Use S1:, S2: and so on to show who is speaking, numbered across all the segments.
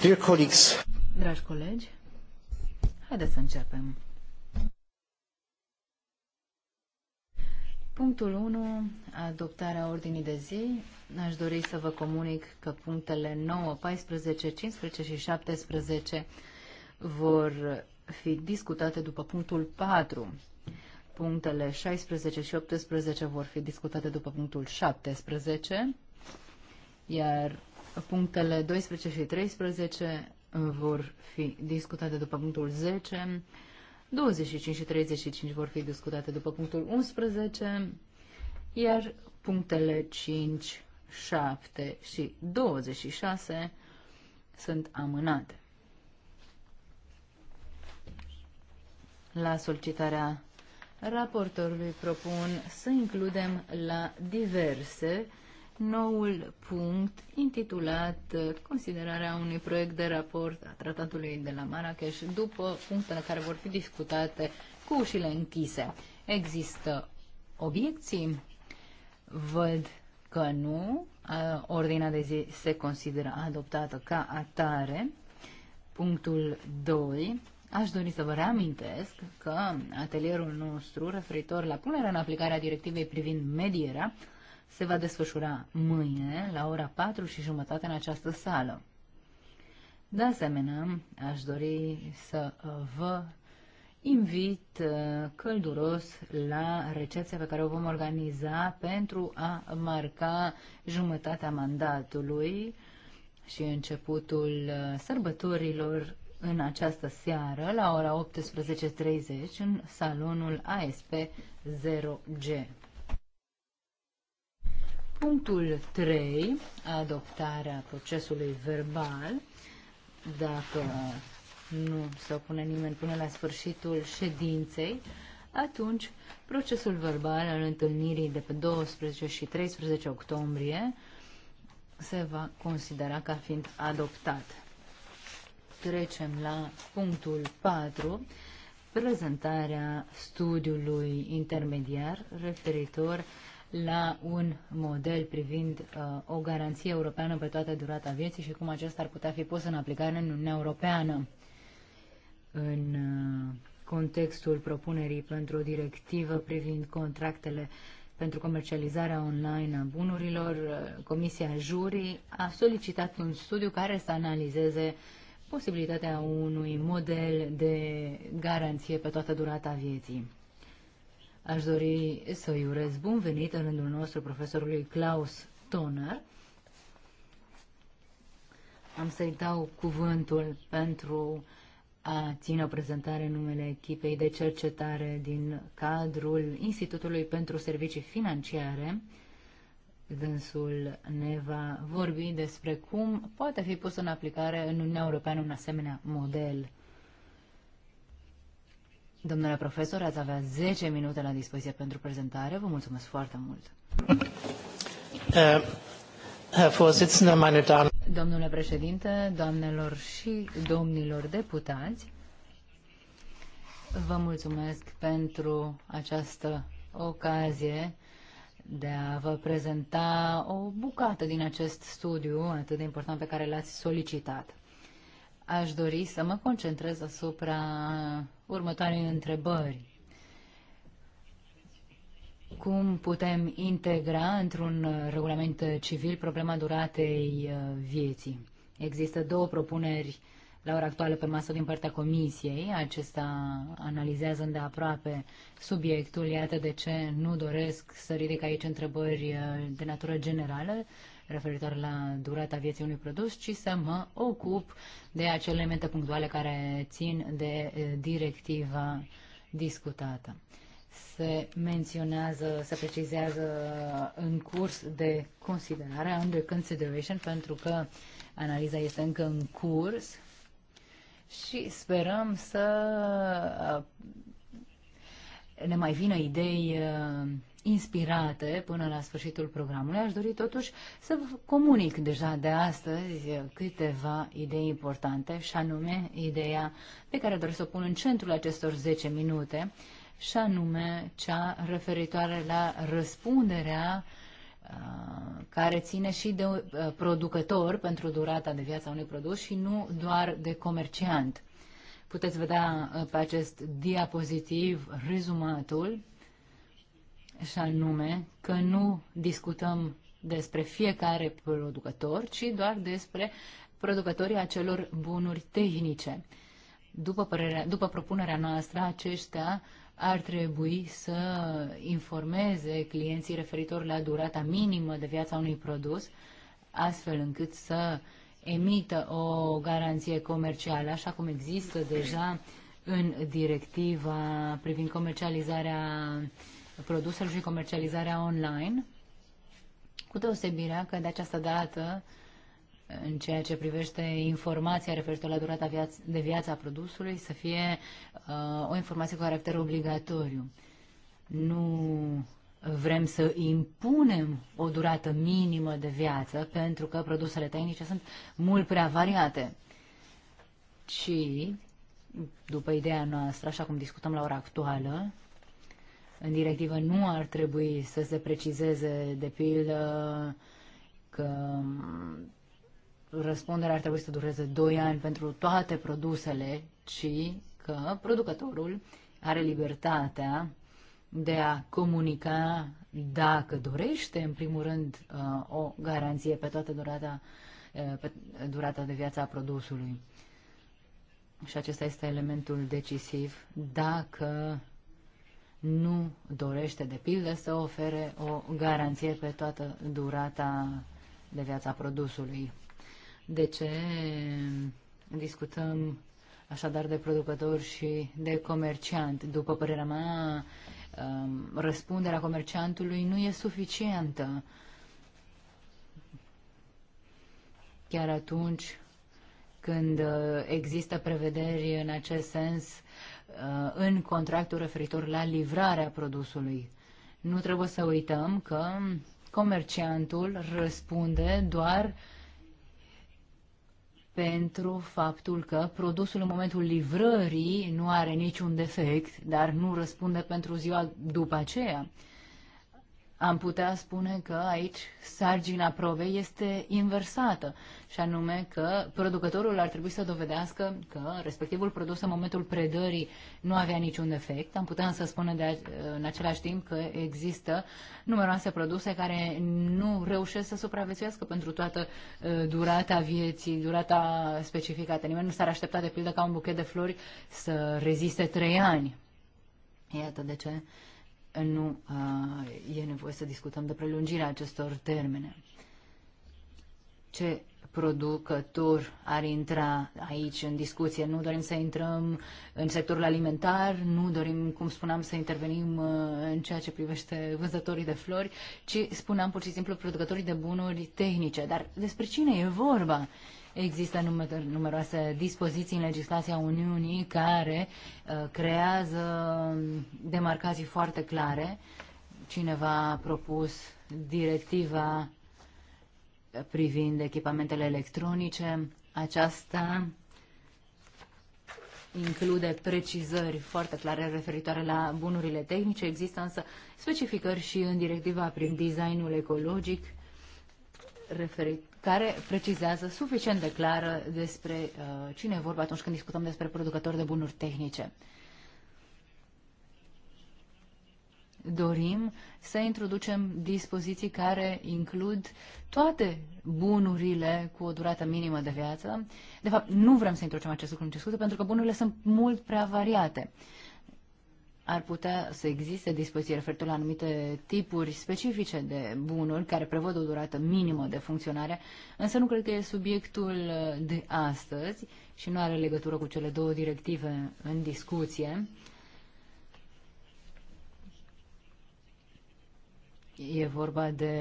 S1: Dear
S2: colleagues. Dragi colegi, haideți să începem. Punctul 1, adoptarea ordinii de zi. Aș dori să vă comunic că punctele 9, 14, 15 și 17 vor fi discutate după punctul 4. Punctele 16 și 18 vor fi discutate după punctul 17, iar Punctele 12 și 13 uh, vor fi discutate după punctul 10, 25 și 35 vor fi discutate după punctul 11, iar punctele 5, 7 și 26 sunt amânate. La solicitarea raportorului propun să includem la diverse noul punct intitulat Considerarea unui proiect de raport a tratatului de la Marrakesh după punctele care vor fi discutate cu ușile închise. Există obiecții? Văd că nu. Ordinea de zi se consideră adoptată ca atare. Punctul 2. Aș dori să vă reamintesc că atelierul nostru referitor la punerea în aplicare a directivei privind medierea se va desfășura mâine la ora 4 și jumătate în această sală. De asemenea, aș dori să uh, vă invit uh, călduros la recepția pe care o vom organiza pentru a marca jumătatea mandatului și începutul uh, sărbătorilor în această seară la ora 18.30 în salonul ASP 0G. Punctul 3, adoptarea procesului verbal, dacă nu se opune nimeni până la sfârșitul ședinței, atunci procesul verbal al întâlnirii de pe 12 și 13 octombrie se va considera ca fiind adoptat. Trecem la punctul 4, prezentarea studiului intermediar referitor la un model privind uh, o garanție europeană pe toată durata vieții și cum acesta ar putea fi pus în aplicare în Uniunea Europeană. În uh, contextul propunerii pentru o directivă privind contractele pentru comercializarea online a bunurilor, uh, Comisia Jurii a solicitat un studiu care să analizeze posibilitatea unui model de garanție pe toată durata vieții. Aș dori să-i urez bun venit în rândul nostru profesorului Klaus Toner. Am să-i dau cuvântul pentru a ține o prezentare în numele echipei de cercetare din cadrul Institutului pentru Servicii Financiare. Dânsul ne va vorbi despre cum poate fi pus în aplicare în Uniunea Europeană un asemenea model Domnule profesor, ați avea 10 minute la dispoziție pentru prezentare. Vă mulțumesc foarte mult. Domnule președinte, doamnelor și domnilor deputați, vă mulțumesc pentru această ocazie de a vă prezenta o bucată din acest studiu atât de important pe care l-ați solicitat. Aș dori să mă concentrez asupra următoarei întrebări. Cum putem integra într-un regulament civil problema duratei uh, vieții? Există două propuneri la ora actuală pe masă din partea comisiei. Acesta analizează îndeaproape subiectul. Iată de ce nu doresc să ridic aici întrebări uh, de natură generală, referitor la durata vieții unui produs, ci să mă ocup de acele elemente punctuale care țin de eh, directiva discutată. Se menționează, se precizează în curs de considerare, under consideration, pentru că analiza este încă în curs și sperăm să ne mai vină idei uh, inspirate până la sfârșitul programului. Aș dori totuși să vă comunic deja de astăzi câteva idei importante și anume ideea pe care doresc să o pun în centrul acestor 10 minute și anume cea referitoare la răspunderea uh, care ține și de uh, producător pentru durata de viață a unui produs și nu doar de comerciant. Puteți vedea uh, pe acest diapozitiv rezumatul și anume că nu discutăm despre fiecare producător, ci doar despre producătorii acelor bunuri tehnice. După, părerea, după propunerea noastră, aceștia ar trebui să informeze clienții referitor la durata minimă de viața unui produs, astfel încât să uh, emită o garanție comercială, așa cum există deja în directiva privind comercializarea produselor și comercializarea online, cu deosebirea că de această dată, în ceea ce privește informația referitor la durata de viață a produsului, să fie uh, o informație cu caracter obligatoriu. Nu vrem să impunem o durată minimă de viață, pentru că produsele tehnice sunt mult prea variate, ci, după ideea noastră, așa cum discutăm la ora actuală, în directivă nu ar trebui să se precizeze, de pildă, că răspunderea ar trebui să dureze 2 ani pentru toate produsele, ci că producătorul are libertatea de a comunica dacă dorește, în primul rând, uh, o garanție pe toată durata, uh, pe durata de viață a produsului. Și acesta este elementul decisiv dacă nu dorește, de pildă, să ofere o garanție pe toată durata de viața produsului. De ce discutăm așadar de producător și de comerciant? După părerea mea, Um, răspunderea comerciantului nu e suficientă. Chiar atunci când uh, există prevederi în acest sens uh, în contractul referitor la livrarea produsului. Nu trebuie să uităm că comerciantul răspunde doar uh, pentru faptul că produsul în momentul livrării nu are niciun defect, dar nu răspunde pentru ziua după aceea am putea spune că aici sargina probei este inversată, și anume că producătorul ar trebui să dovedească că respectivul produs în momentul predării nu avea niciun defect. Am putea să spunem de, în același timp că există numeroase produse care nu reușesc să supraviețuiască pentru toată ă, durata vieții, durata specificată. Nimeni nu s-ar aștepta, de pildă, ca un buchet de flori să reziste trei ani. Iată de ce nu uh, e nevoie să discutăm de prelungirea acestor termene. Ce producător ar intra aici în discuție. Nu dorim să intrăm în sectorul alimentar, nu dorim, cum spuneam, să intervenim uh, în ceea ce privește vânzătorii de flori, ci spuneam pur și simplu producătorii de bunuri tehnice. Dar despre cine e vorba? Uh, Există numeroase dispoziții în legislația Uniunii care uh, creează demarcații foarte clare. Cineva a propus directiva privind echipamentele electronice. Aceasta include precizări foarte clare referitoare la bunurile tehnice. Există însă specificări și în directiva prin designul ecologic referit, care precizează suficient de clară uh, despre uh, cine e vorba atunci când discutăm despre producători de bunuri tehnice. Dorim să introducem dispoziții care includ toate bunurile cu o durată minimă de viață. De fapt, nu vrem să introducem acest lucru în discuție pentru că bunurile sunt mult prea variate. Uh, ar putea să existe dispoziții referitor la anumite tipuri specifice de bunuri care prevăd o durată minimă de funcționare, însă nu cred că e subiectul uh, de astăzi și nu are legătură cu cele două directive în discuție. E vorba de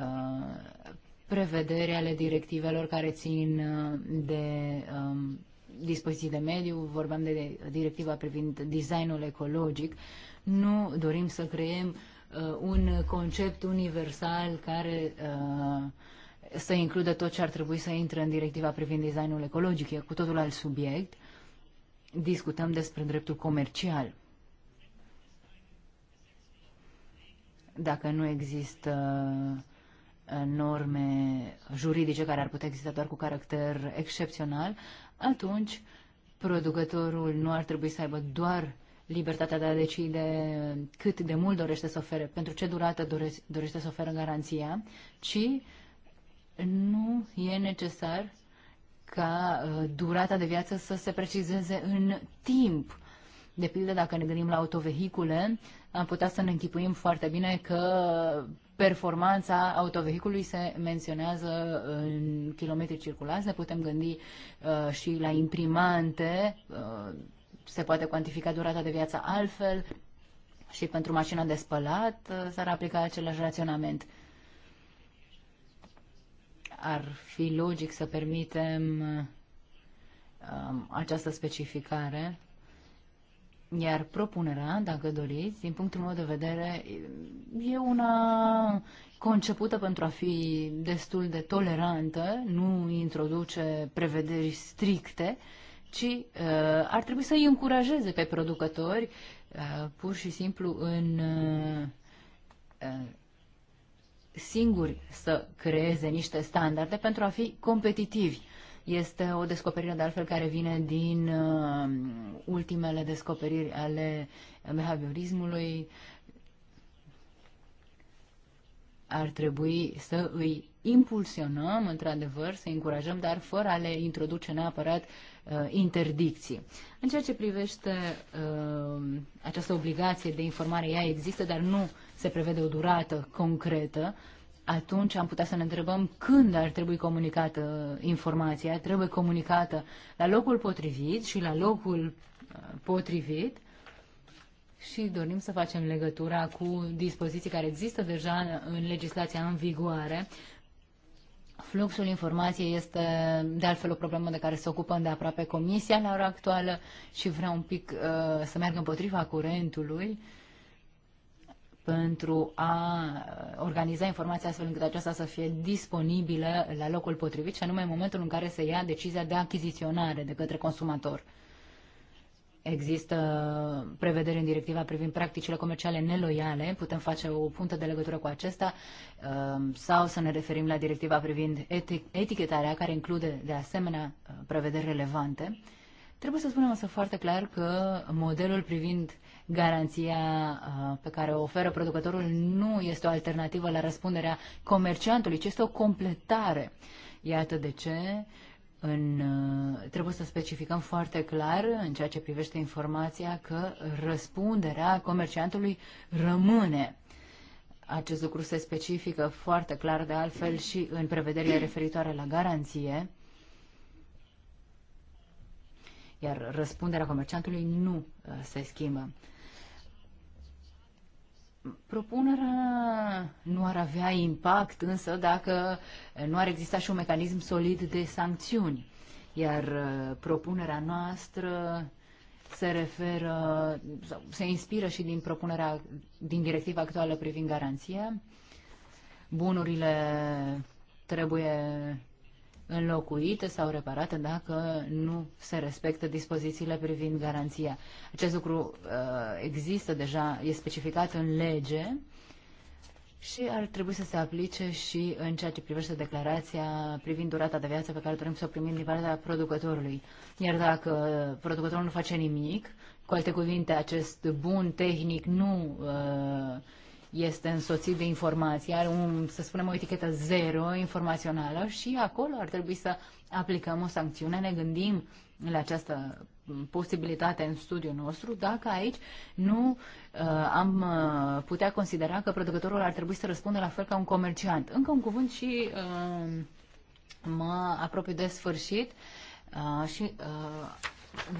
S2: uh, prevederi ale directivelor care țin uh, de uh, dispoziții de mediu, vorbeam de directiva privind designul ecologic, nu dorim să creăm uh, un concept universal care uh, să includă tot ce ar trebui să intre în directiva privind designul ecologic. E cu totul alt subiect. Discutăm despre dreptul comercial. Dacă nu există uh, norme juridice care ar putea exista doar cu caracter excepțional, atunci producătorul nu ar trebui să aibă doar libertatea de a decide cât de mult dorește să ofere, pentru ce durată dorește, dorește să oferă garanția, ci nu e necesar ca uh, durata de viață să se precizeze în timp. De pildă, dacă ne gândim la autovehicule, am putea să ne închipuim foarte bine că performanța autovehicului se menționează în kilometri circulați, ne putem gândi uh, și la imprimante, uh, se poate cuantifica durata de viață altfel și pentru mașina de spălat uh, s-ar aplica același raționament. Ar fi logic să permitem uh, această specificare iar propunerea, dacă doriți, din punctul meu de vedere, e una concepută pentru a fi destul de tolerantă, nu introduce prevederi stricte, ci uh, ar trebui să îi încurajeze pe producători uh, pur și simplu în uh, uh singuri să creeze niște standarde pentru a fi competitivi. Este o descoperire de altfel care vine din uh, ultimele descoperiri ale behaviorismului, ar trebui să îi impulsionăm, într-adevăr, să încurajăm, dar fără a le introduce neapărat uh, interdicții. În ceea ce privește uh, această obligație de informare, ea există, dar nu se prevede o durată concretă, atunci am putea să ne întrebăm când ar trebui comunicată informația, trebuie comunicată la locul potrivit și la locul potrivit și dorim să facem legătura cu dispoziții care există deja în legislația în vigoare. Fluxul informației este, de altfel, o problemă de care se ocupă de aproape Comisia la ora actuală și vreau un pic uh, să meargă împotriva curentului pentru a uh, organiza informația astfel încât aceasta să fie disponibilă la locul potrivit și anume în momentul în care se ia decizia de achiziționare de către consumator. Există prevedere în directiva privind practicile comerciale neloiale, putem face o puntă de legătură cu acesta, um, sau să ne referim la directiva privind etichetarea, care include de asemenea uh, prevederi relevante. Trebuie să spunem însă foarte clar că modelul privind garanția uh, pe care o oferă producătorul nu este o alternativă la răspunderea comerciantului, ci este o completare. Iată de ce în, uh, trebuie să specificăm foarte clar în ceea ce privește informația că răspunderea comerciantului rămâne. Acest lucru se specifică foarte clar de altfel și în prevederile referitoare la garanție, iar răspunderea comerciantului nu uh, se schimbă. Propunerea nu ar avea impact însă dacă nu ar exista și un mecanism solid de sancțiuni. Iar uh, propunerea noastră se referă, se inspiră și din propunerea, din directiva actuală privind garanția. Bunurile trebuie înlocuite sau reparate dacă nu se respectă dispozițiile privind garanția. Acest lucru uh, există deja, e specificat în lege și ar trebui să se aplice și în ceea ce privește declarația privind durata de viață pe care dorim să o primim din partea producătorului. Iar dacă producătorul nu face nimic, cu alte cuvinte, acest bun tehnic nu uh, este însoțit de informații, are un, să spunem, o etichetă zero informațională și acolo ar trebui să aplicăm o sancțiune. Ne gândim la această posibilitate în studiul nostru, dacă aici nu uh, am uh, putea considera că producătorul ar trebui să răspundă la fel ca un comerciant. Încă un cuvânt și uh, mă apropiu de sfârșit uh, și uh,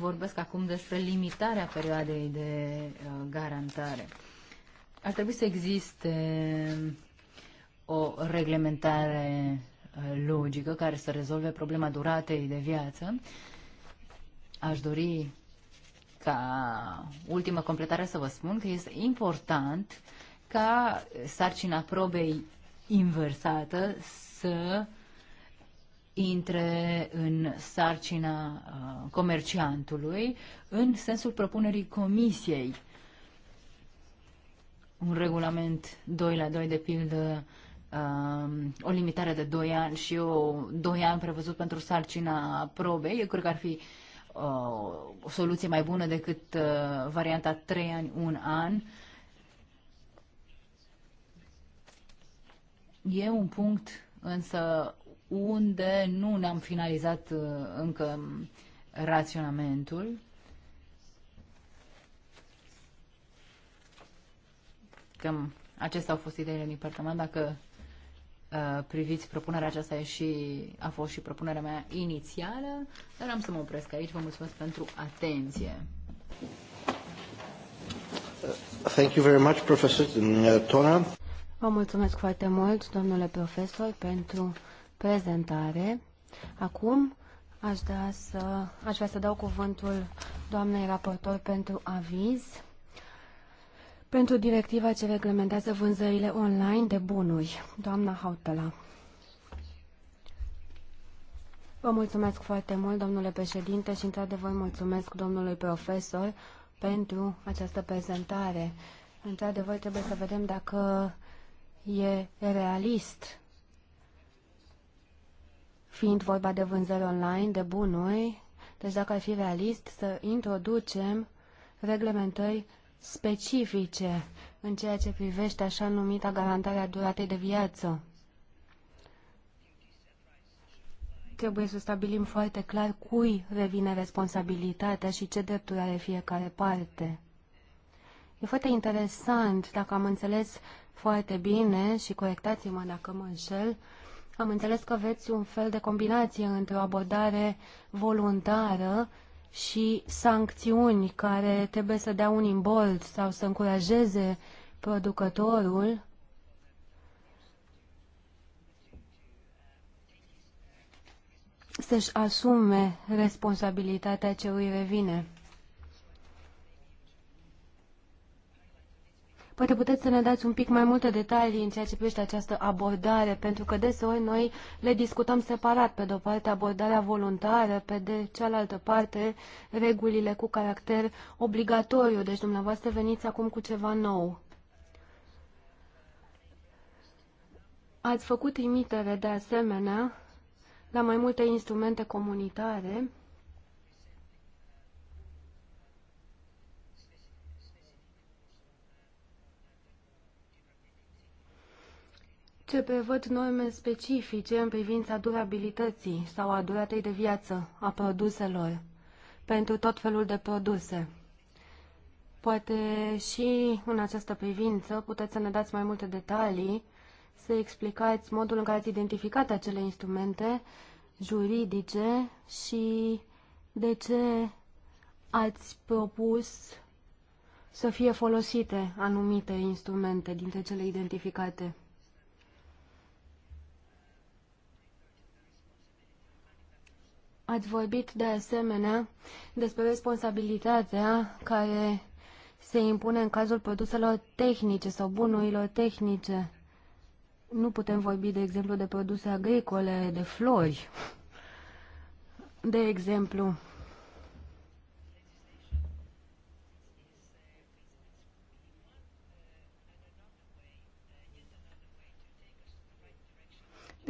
S2: vorbesc acum despre limitarea perioadei de uh, garantare. Ar trebui să existe o reglementare uh, logică care să rezolve problema duratei de viață. Aș dori ca ultimă completare să vă spun că este important ca sarcina probei inversată să intre în sarcina uh, comerciantului în sensul propunerii comisiei un regulament 2 la 2, de pildă, um, o limitare de 2 ani și o 2 ani prevăzut pentru sarcina probei, eu cred că ar fi uh, o soluție mai bună decât uh, varianta 3 ani, 1 an. E un punct însă unde nu ne-am finalizat uh, încă raționamentul Cam acestea au fost ideile din partea mea. Dacă uh, priviți propunerea aceasta e și, a fost și propunerea mea inițială, dar am să mă opresc aici.
S3: Vă mulțumesc pentru atenție. Thank you very much, Professor uh, Tona. Vă mulțumesc foarte mult, domnule profesor, pentru prezentare. Acum aș, da să, aș vrea să dau cuvântul doamnei raportor pentru aviz pentru directiva ce reglementează vânzările online de bunuri. Doamna Hautala. Vă mulțumesc foarte mult, domnule președinte, și într-adevăr mulțumesc domnului profesor pentru această prezentare. Într-adevăr, trebuie să vedem dacă e realist, fiind vorba de vânzări online, de bunuri, deci dacă ar fi realist să introducem reglementări specifice în ceea ce privește așa numita garantarea duratei de viață. Trebuie să stabilim foarte clar cui revine responsabilitatea și ce drepturi are fiecare parte. E foarte interesant, dacă am înțeles foarte bine și corectați-mă dacă mă înșel, am înțeles că veți un fel de combinație între o abordare voluntară și sancțiuni care trebuie să dea un imbold sau să încurajeze producătorul să-și asume responsabilitatea ce îi revine. Poate puteți să ne dați un pic mai multe detalii în ceea ce privește această abordare, pentru că deseori noi le discutăm separat, pe de o parte abordarea voluntară, pe de cealaltă parte regulile cu caracter obligatoriu, deci dumneavoastră veniți acum cu ceva nou. Ați făcut imitere de asemenea la mai multe instrumente comunitare, ce prevăd norme specifice în privința durabilității sau a duratei de viață a produselor pentru tot felul de produse. Poate și în această privință puteți să ne dați mai multe detalii, să explicați modul în care ați identificat acele instrumente juridice și de ce ați propus să fie folosite anumite instrumente dintre cele identificate. Ați vorbit de asemenea despre responsabilitatea care se impune în cazul produselor tehnice sau bunurilor tehnice. Nu putem vorbi, de exemplu, de produse agricole, de flori, de exemplu.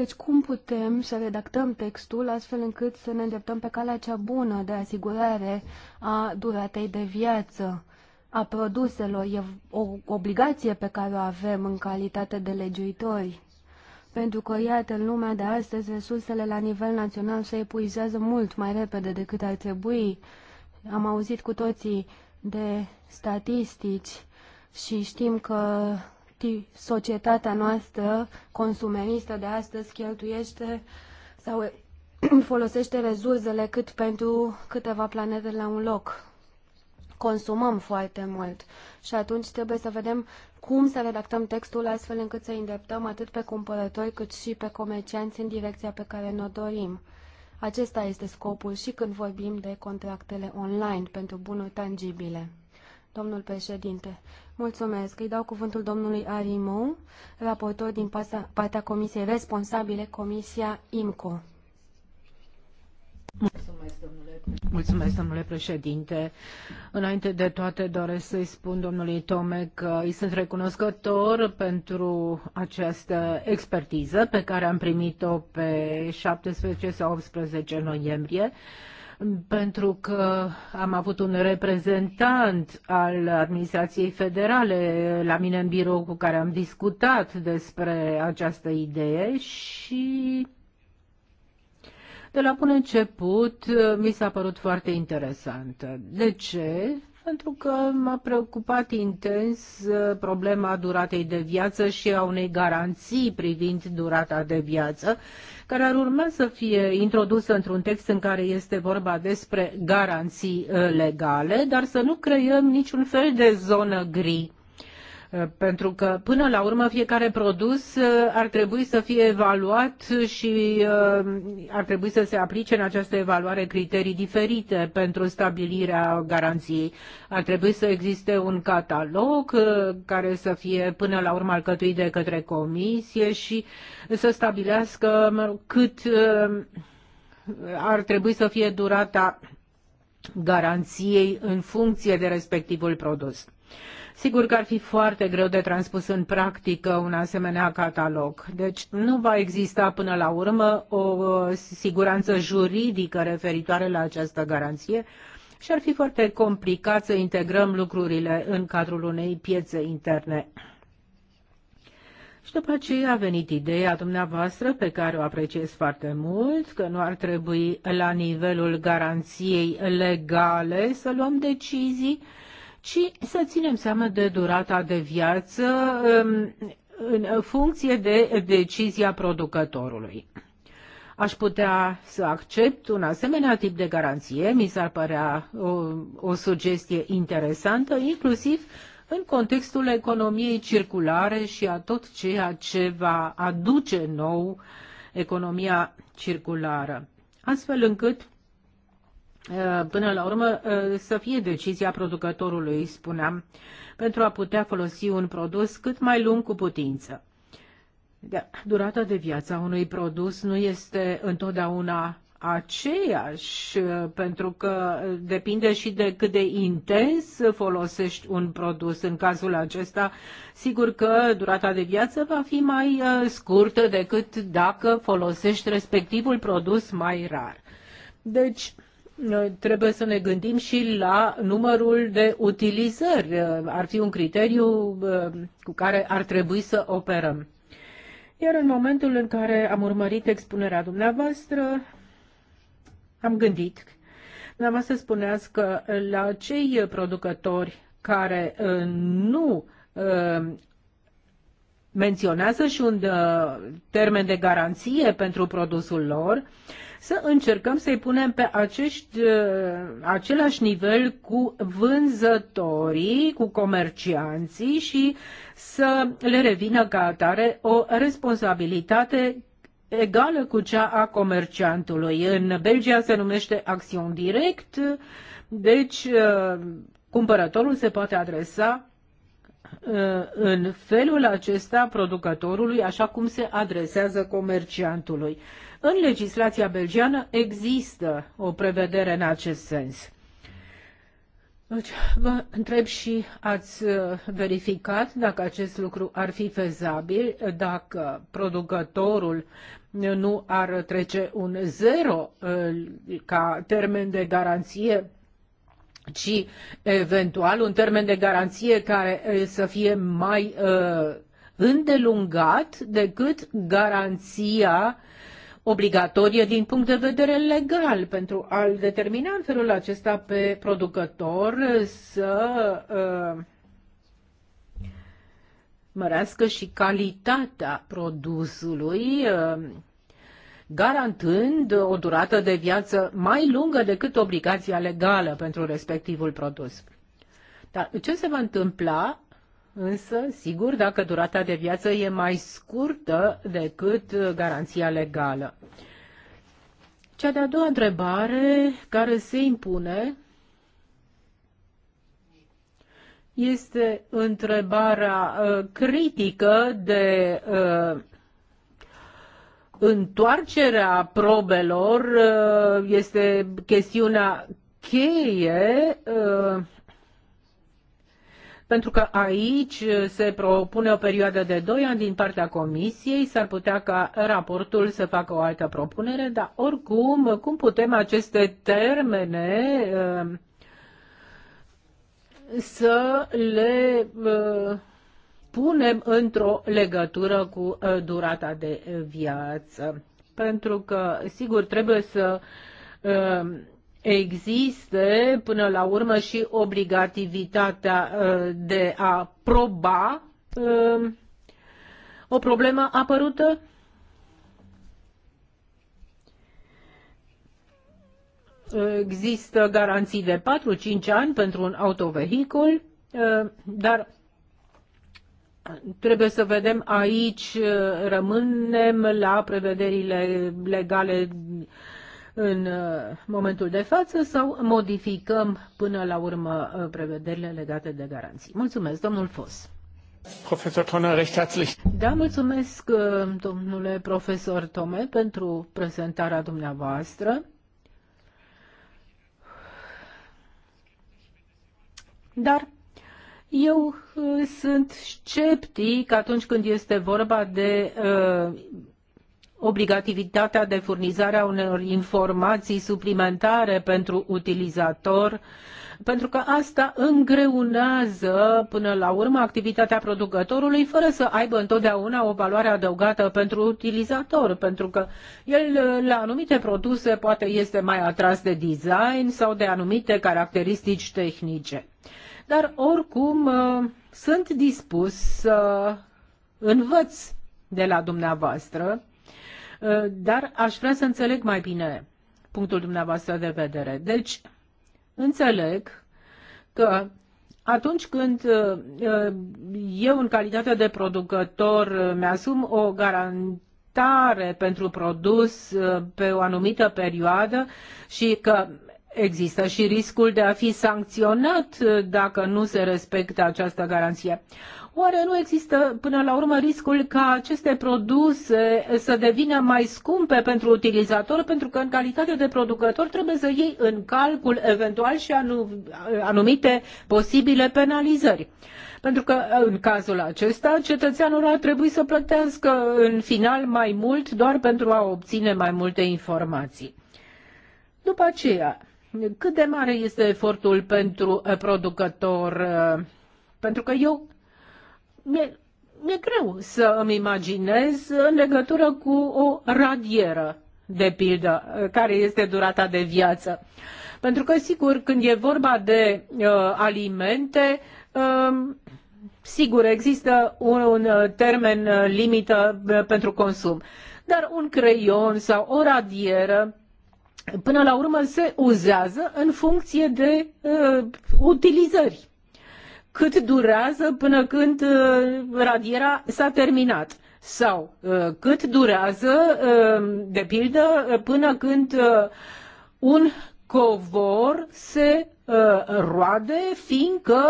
S3: Deci cum putem să redactăm textul astfel încât să ne îndreptăm pe calea cea bună de asigurare a duratei de viață a produselor? E o obligație pe care o avem în calitate de legiuitori. Pentru că, iată, în lumea de astăzi, resursele la nivel național se epuizează mult mai repede decât ar trebui. Am auzit cu toții de statistici și știm că societatea noastră consumeristă de astăzi cheltuiește sau folosește rezurzele cât pentru câteva planete la un loc. Consumăm foarte mult și atunci trebuie să vedem cum să redactăm textul astfel încât să îndreptăm atât pe cumpărători cât și pe comercianți în direcția pe care ne-o dorim. Acesta este scopul și când vorbim de contractele online pentru bunuri tangibile domnul președinte. Mulțumesc. Îi dau cuvântul domnului Arimou, raportor din partea comisiei responsabile, Comisia IMCO.
S1: Mulțumesc domnule. președinte. Înainte de toate, doresc să-i spun domnului Tome că îi sunt recunoscător pentru această expertiză pe care am primit-o pe 17 sau 18 noiembrie pentru că am avut un reprezentant al administrației federale la mine în birou cu care am discutat despre această idee și de la bun început mi s-a părut foarte interesantă. De ce? pentru că m-a preocupat intens uh, problema duratei de viață și a unei garanții privind durata de viață, care ar urma să fie introdusă într-un text în care este vorba despre garanții uh, legale, dar să nu creăm niciun fel de zonă gri Eh, pentru că, până la urmă, fiecare produs eh, ar trebui să fie evaluat și eh, ar trebui să se aplice în această evaluare criterii diferite pentru stabilirea garanției. Ar trebui să existe un catalog care să fie, până la urmă, alcătuit de către comisie și să stabilească cât ar trebui să fie durata garanției în funcție de respectivul produs. Sigur că ar fi foarte greu de transpus în practică un asemenea catalog. Deci nu va exista până la urmă o siguranță juridică referitoare la această garanție și ar fi foarte complicat să integrăm lucrurile în cadrul unei piețe interne. Și după aceea a venit ideea dumneavoastră, pe care o apreciez foarte mult, că nu ar trebui la nivelul garanției legale să luăm decizii, ci să ținem seama de durata de viață um, în funcție de decizia producătorului. Aș putea să accept un asemenea tip de garanție, mi s-ar părea o, o sugestie interesantă, inclusiv în contextul economiei circulare și a tot ceea ce va aduce nou economia circulară, astfel încât Uh, până la urmă uh, să fie decizia producătorului, spuneam, pentru a putea folosi un produs cât mai lung cu putință. Da, durata de viață a unui produs nu este întotdeauna aceeași, uh, pentru că depinde și de cât de intens folosești un produs. În cazul acesta, sigur că durata de viață va fi mai scurtă decât dacă folosești respectivul produs mai rar. Deci, trebuie să ne gândim și la numărul de utilizări. Ar fi un criteriu uh, cu care ar trebui să operăm. Iar în momentul în care am urmărit expunerea dumneavoastră, am gândit. Dumneavoastră spuneați că la cei producători care uh, nu uh, menționează și un uh, termen de garanție pentru produsul lor, să încercăm să-i punem pe acești, uh, același nivel cu vânzătorii, cu comercianții și să le revină ca atare o responsabilitate egală cu cea a comerciantului. În Belgia se numește acțiuni direct, deci uh, cumpărătorul se poate adresa Uh, în felul acesta producătorului, așa cum se adresează comerciantului. În legislația belgiană există o prevedere în acest sens. Deci, vă întreb și ați uh, verificat dacă acest lucru ar fi fezabil, dacă producătorul nu ar trece un zero uh, ca termen de garanție și eventual un termen de garanție care să fie mai uh, îndelungat decât garanția obligatorie din punct de vedere legal pentru a-l determina în felul acesta pe producător să uh, mărească și calitatea produsului, uh, garantând o durată de viață mai lungă decât obligația legală pentru respectivul produs. Dar ce se va întâmpla Însă, sigur, dacă durata de viață e mai scurtă decât garanția legală. Cea de-a doua întrebare care se impune este întrebarea uh, critică de uh, întoarcerea probelor uh, este chestiunea cheie uh, pentru că aici se propune o perioadă de 2 ani din partea comisiei, s-ar putea ca raportul să facă o altă propunere, dar oricum, cum putem aceste termene uh, să le punem într-o legătură cu uh, durata de uh, viață. Pentru că, sigur, trebuie să uh, existe până la urmă și obligativitatea de a proba o problemă apărută există garanții de 4-5 ani pentru un autovehicul, dar Trebuie să vedem aici, rămânem la prevederile legale în uh, momentul de față sau modificăm până la urmă uh, prevederile legate de garanții. Mulțumesc, domnul Fos. Profesor Tone, recht herzlich. Da, mulțumesc, uh, domnule profesor Tome, pentru prezentarea dumneavoastră. Dar eu uh, sunt sceptic atunci când este vorba de uh, obligativitatea de furnizare a unor informații suplimentare pentru utilizator, pentru că asta îngreunează până la urmă activitatea producătorului fără să aibă întotdeauna o valoare adăugată pentru utilizator, pentru că el uh, la anumite produse poate este mai atras de design sau de anumite caracteristici tehnice dar oricum uh, sunt dispus să învăț de la dumneavoastră, uh, dar aș vrea să înțeleg mai bine punctul dumneavoastră de vedere. Deci, înțeleg că atunci când uh, eu, în calitate de producător, mi-asum o tare pentru produs pe o anumită perioadă și că Există și riscul de a fi sancționat uh, dacă nu se respectă această garanție. Oare nu există până la urmă riscul ca aceste produse să devină mai scumpe pentru utilizator, pentru că în calitate de producător trebuie să iei în calcul eventual și anumite posibile penalizări? Pentru că uh, în cazul acesta cetățeanul ar trebui să plătească în final mai mult doar pentru a obține mai multe informații. După aceea, cât de mare este efortul pentru uh, producător, uh, pentru că eu mi-e, mi-e greu să îmi imaginez în legătură cu o radieră, de pildă, uh, care este durata de viață. Pentru că, sigur, când e vorba de uh, alimente, uh, sigur, există un, un termen limită pentru consum. Dar un creion sau o radieră până la urmă se uzează în funcție de uh, utilizări. Cât durează până când uh, radiera s-a terminat sau uh, cât durează, uh, de pildă, până când uh, un covor se uh, roade, fiindcă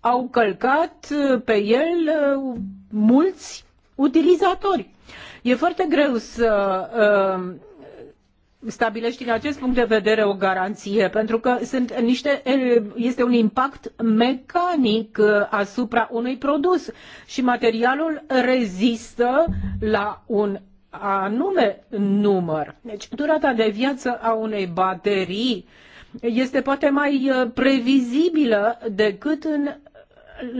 S1: au călcat uh, pe el uh, mulți utilizatori. E foarte greu să uh, stabilești din acest punct de vedere o garanție, pentru că sunt niște, este un impact mecanic uh, asupra unui produs și materialul rezistă la un anume număr. Deci durata de viață a unei baterii este poate mai uh, previzibilă decât în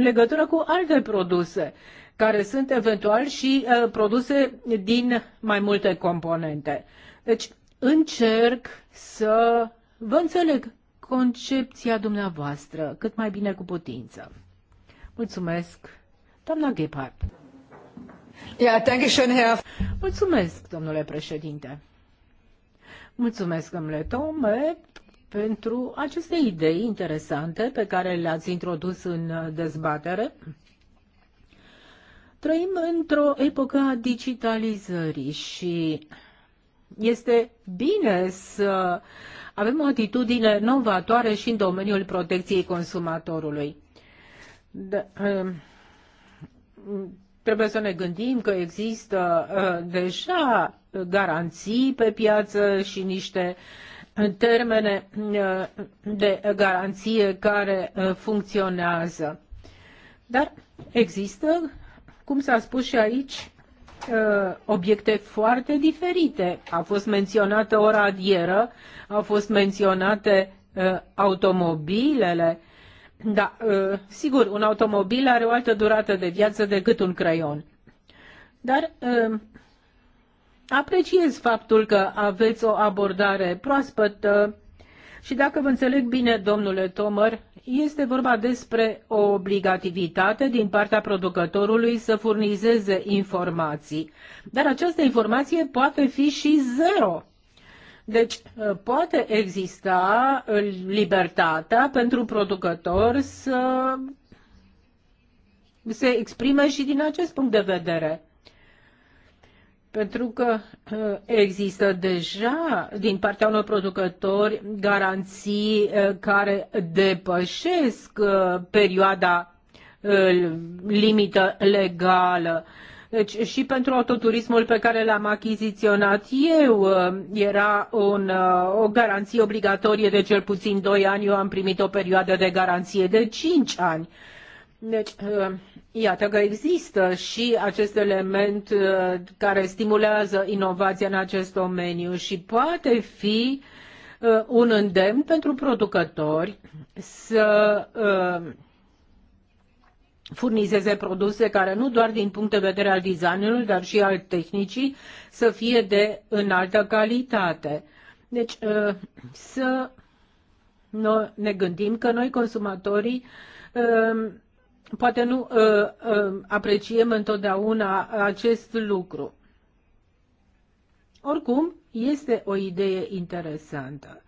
S1: legătură cu alte produse care sunt eventual și uh, produse din mai multe componente. Deci încerc să vă înțeleg concepția dumneavoastră cât mai bine cu putință. Mulțumesc, doamna Gebhardt. Yeah, danke schön Herr. Mulțumesc, domnule președinte. Mulțumesc, domnule Tome, pentru aceste idei interesante pe care le-ați introdus în dezbatere. Trăim într-o epocă a digitalizării și este bine să avem o atitudine novatoare și în domeniul protecției consumatorului. De, da, um, trebuie să ne gândim că există uh, deja garanții pe piață și niște uh, termene uh, de garanție care funcționează. Dar există, cum s-a spus și aici, Uh, obiecte foarte diferite. A fost menționată o radieră, au fost menționate uh, automobilele. Da, uh, sigur, un automobil are o altă durată de viață decât un creion. Dar apreciez faptul că aveți o abordare proaspătă și dacă vă înțeleg bine, domnule Tomăr, este vorba despre o obligativitate din partea producătorului să furnizeze informații, dar această informație poate fi și zero. Deci uh, poate exista uh, libertatea pentru producător să se exprime și din acest punct de vedere pentru că eh, există deja din partea unor producători garanții eh, care depășesc eh, perioada limită legală. Deci și pentru autoturismul pe care l-am achiziționat eu era un, o garanție obligatorie de cel puțin 2 ani, eu am primit o perioadă de garanție de 5 ani. Deci Iată că există și acest element uh, care stimulează inovația în acest domeniu și poate fi uh, un îndemn pentru producători să uh, furnizeze produse care nu doar din punct de vedere al designului, dar și al tehnicii, să fie de înaltă calitate. Deci să ne gândim că noi consumatorii poate nu uh, uh, apreciem întotdeauna acest lucru. Oricum, este o idee interesantă.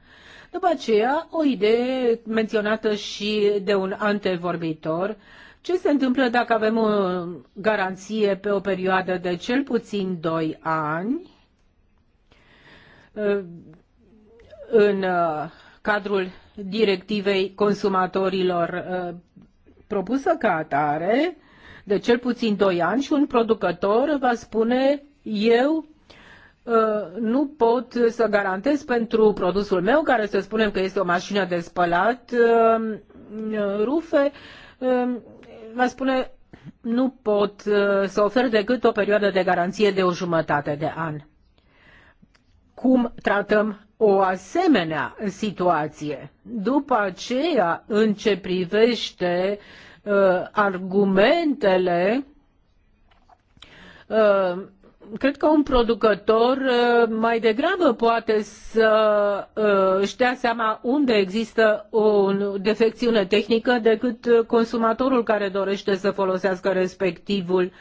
S1: După aceea, o idee menționată și de un antevorbitor, ce se întâmplă dacă avem o garanție pe o perioadă de cel puțin 2 ani uh, în uh, cadrul directivei consumatorilor uh, propusă ca atare de cel puțin 2 ani și un producător va spune eu uh, nu pot să garantez pentru produsul meu, care să spunem că este o mașină de spălat uh, uh, rufe, va spune nu pot să ofer decât o perioadă de garanție de o jumătate de an. Cum tratăm o asemenea situație. După aceea, în ce privește uh, argumentele, uh, cred că un producător uh, mai degrabă poate să uh, își dea seama unde există o defecțiune tehnică decât consumatorul care dorește să folosească respectivul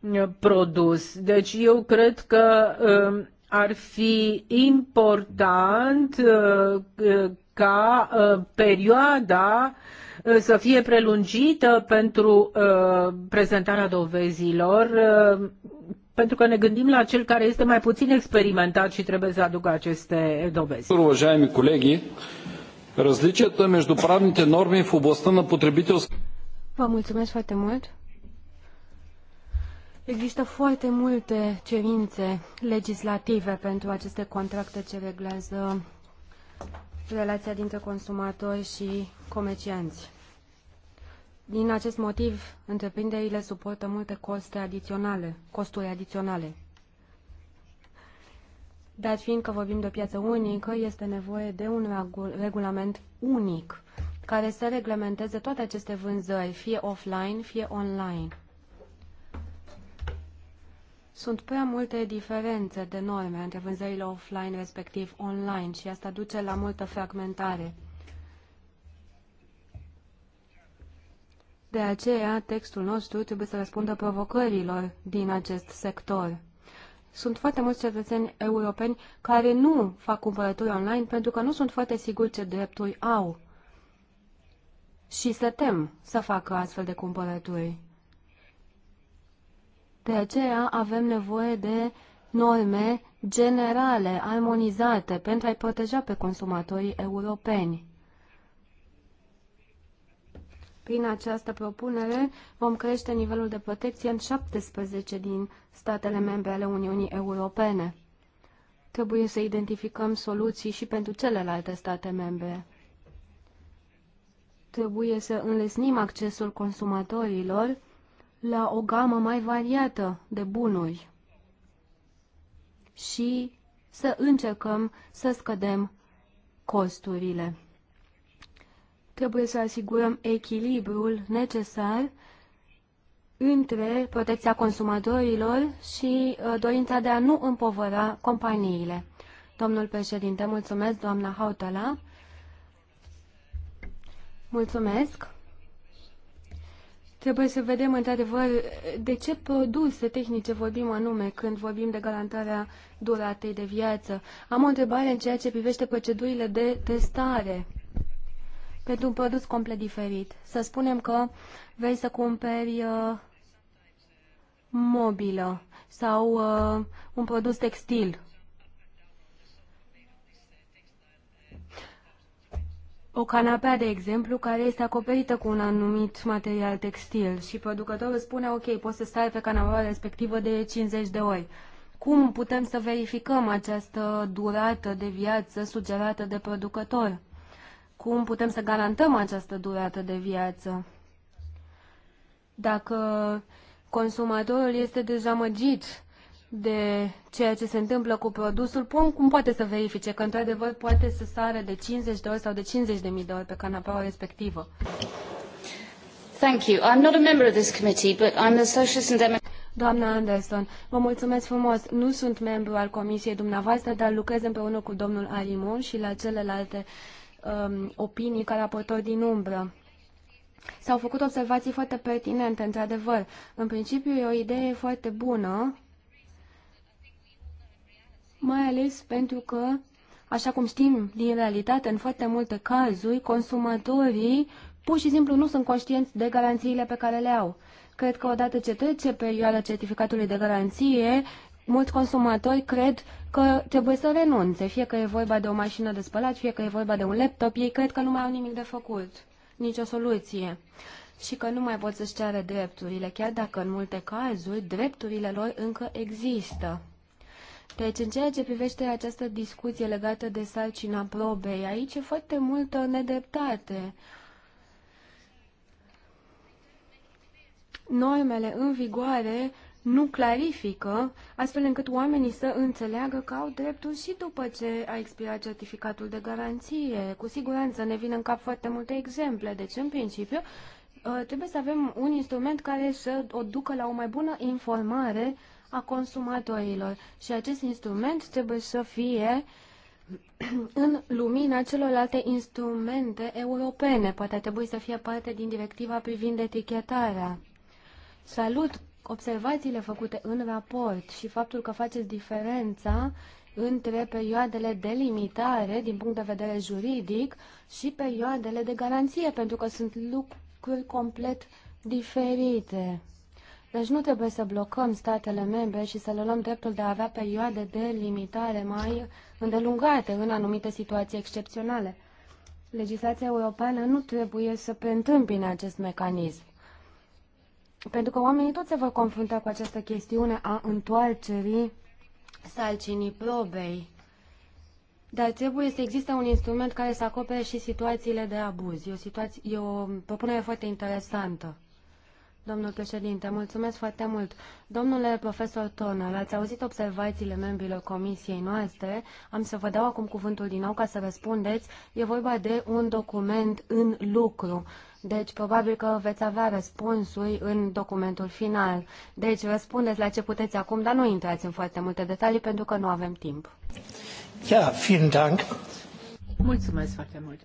S1: uh, produs. Deci eu cred că ar fi important uh, uh, ca uh, perioada să fie prelungită pentru prezentarea dovezilor, pentru că ne gândim la cel care este mai puțin experimentat și trebuie să aducă aceste dovezi.
S2: Уважаеми колеги, различията между правните норми в областта на потребителството
S3: Vă mulțumesc foarte mult. Există foarte multe cerințe legislative pentru aceste contracte ce reglează relația dintre consumatori și comercianți. Din acest motiv, întreprinderile suportă multe coste adiționale, costuri adiționale. Dar fiindcă vorbim de o piață unică, este nevoie de un regulament unic care să reglementeze toate aceste vânzări, fie offline, fie online. Sunt prea multe diferențe de norme între vânzările offline respectiv online și asta duce la multă fragmentare. De aceea, textul nostru trebuie să răspundă provocărilor din acest sector. Sunt foarte mulți cetățeni europeni care nu fac cumpărături online pentru că nu sunt foarte siguri ce drepturi au și se tem să facă astfel de cumpărături. De aceea avem nevoie de norme generale, armonizate, pentru a-i proteja pe consumatorii europeni. Prin această propunere vom crește nivelul de protecție în 17 din statele membre ale Uniunii Europene. Trebuie să identificăm soluții și pentru celelalte state membre. Trebuie să înlesnim accesul consumatorilor la o gamă mai variată de bunuri și să încercăm să scădem costurile. Trebuie să asigurăm echilibrul necesar între protecția consumatorilor și uh, dorința de a nu împovăra companiile. Domnul președinte, mulțumesc, doamna Hautala. Mulțumesc. Trebuie să vedem, într-adevăr, de ce produse tehnice vorbim anume când vorbim de garantarea duratei de viață. Am o întrebare în ceea ce privește procedurile de testare pentru un produs complet diferit. Să spunem că vrei să cumperi uh, mobilă sau uh, un produs textil o canapea, de exemplu, care este acoperită cu un anumit material textil și producătorul spune, ok, poți să stai pe canapea respectivă de 50 de ori. Cum putem să verificăm această durată de viață sugerată de producător? Cum putem să garantăm această durată de viață? Dacă consumatorul este dezamăgit de ceea ce se întâmplă cu produsul, cum poate să verifice că într-adevăr poate să sară de 50 de ori sau de 50 de mii de ori pe canapeaua respectivă? Thank you. I'm not a member of this committee, but I'm a socialist and democrat. Doamna Anderson, vă mulțumesc frumos. Nu sunt membru al comisiei dumneavoastră, dar lucrez împreună cu domnul Arimon și la celelalte um, opinii ca raportor din umbră. S-au făcut observații foarte pertinente, într-adevăr. În principiu e o idee foarte bună mai ales pentru că, așa cum știm din realitate, în foarte multe cazuri, consumatorii pur și simplu nu sunt conștienți de garanțiile pe care le au. Cred că odată ce trece perioada certificatului de garanție, mulți consumatori cred că trebuie să renunțe, fie că e vorba de o mașină de spălat, fie că e vorba de un laptop, ei cred că nu mai au nimic de făcut, nicio soluție și că nu mai pot să-și ceară drepturile, chiar dacă în multe cazuri drepturile lor încă există. Deci, în ceea ce privește această discuție legată de sarcina probei, aici e foarte multă nedreptate. Normele în vigoare nu clarifică, astfel încât oamenii să înțeleagă că au dreptul și după ce a expirat certificatul de garanție. Cu siguranță ne vin în cap foarte multe exemple. Deci, în principiu, ă, trebuie să avem un instrument care să o ducă la o mai bună informare a consumatorilor și acest instrument trebuie să fie în lumina celorlalte instrumente europene. Poate trebuie să fie parte din directiva privind etichetarea. Salut observațiile făcute în raport și faptul că faceți diferența între perioadele de limitare din punct de vedere juridic și perioadele de garanție, pentru că sunt lucruri complet diferite. Deci nu trebuie să blocăm statele membre și să le luăm dreptul de a avea perioade de limitare mai îndelungate în anumite situații excepționale. Legislația europeană nu trebuie să preîntâmpine acest mecanism. Pentru că oamenii toți se vor confrunta cu această chestiune a întoarcerii salcinii probei. Dar trebuie să existe un instrument care să acopere și situațiile de abuz. E o, situație, e o propunere foarte interesantă. Domnul președinte, mulțumesc foarte mult. Domnule profesor Tonel, ați auzit observațiile membrilor comisiei noastre. Am să vă dau acum cuvântul din nou ca să răspundeți. E vorba de un document în lucru. Deci, probabil că veți avea răspunsuri în documentul final. Deci, răspundeți la ce puteți acum, dar nu intrați în foarte multe detalii pentru că nu avem timp. Ja, vielen Dank.
S1: Mulțumesc foarte mult.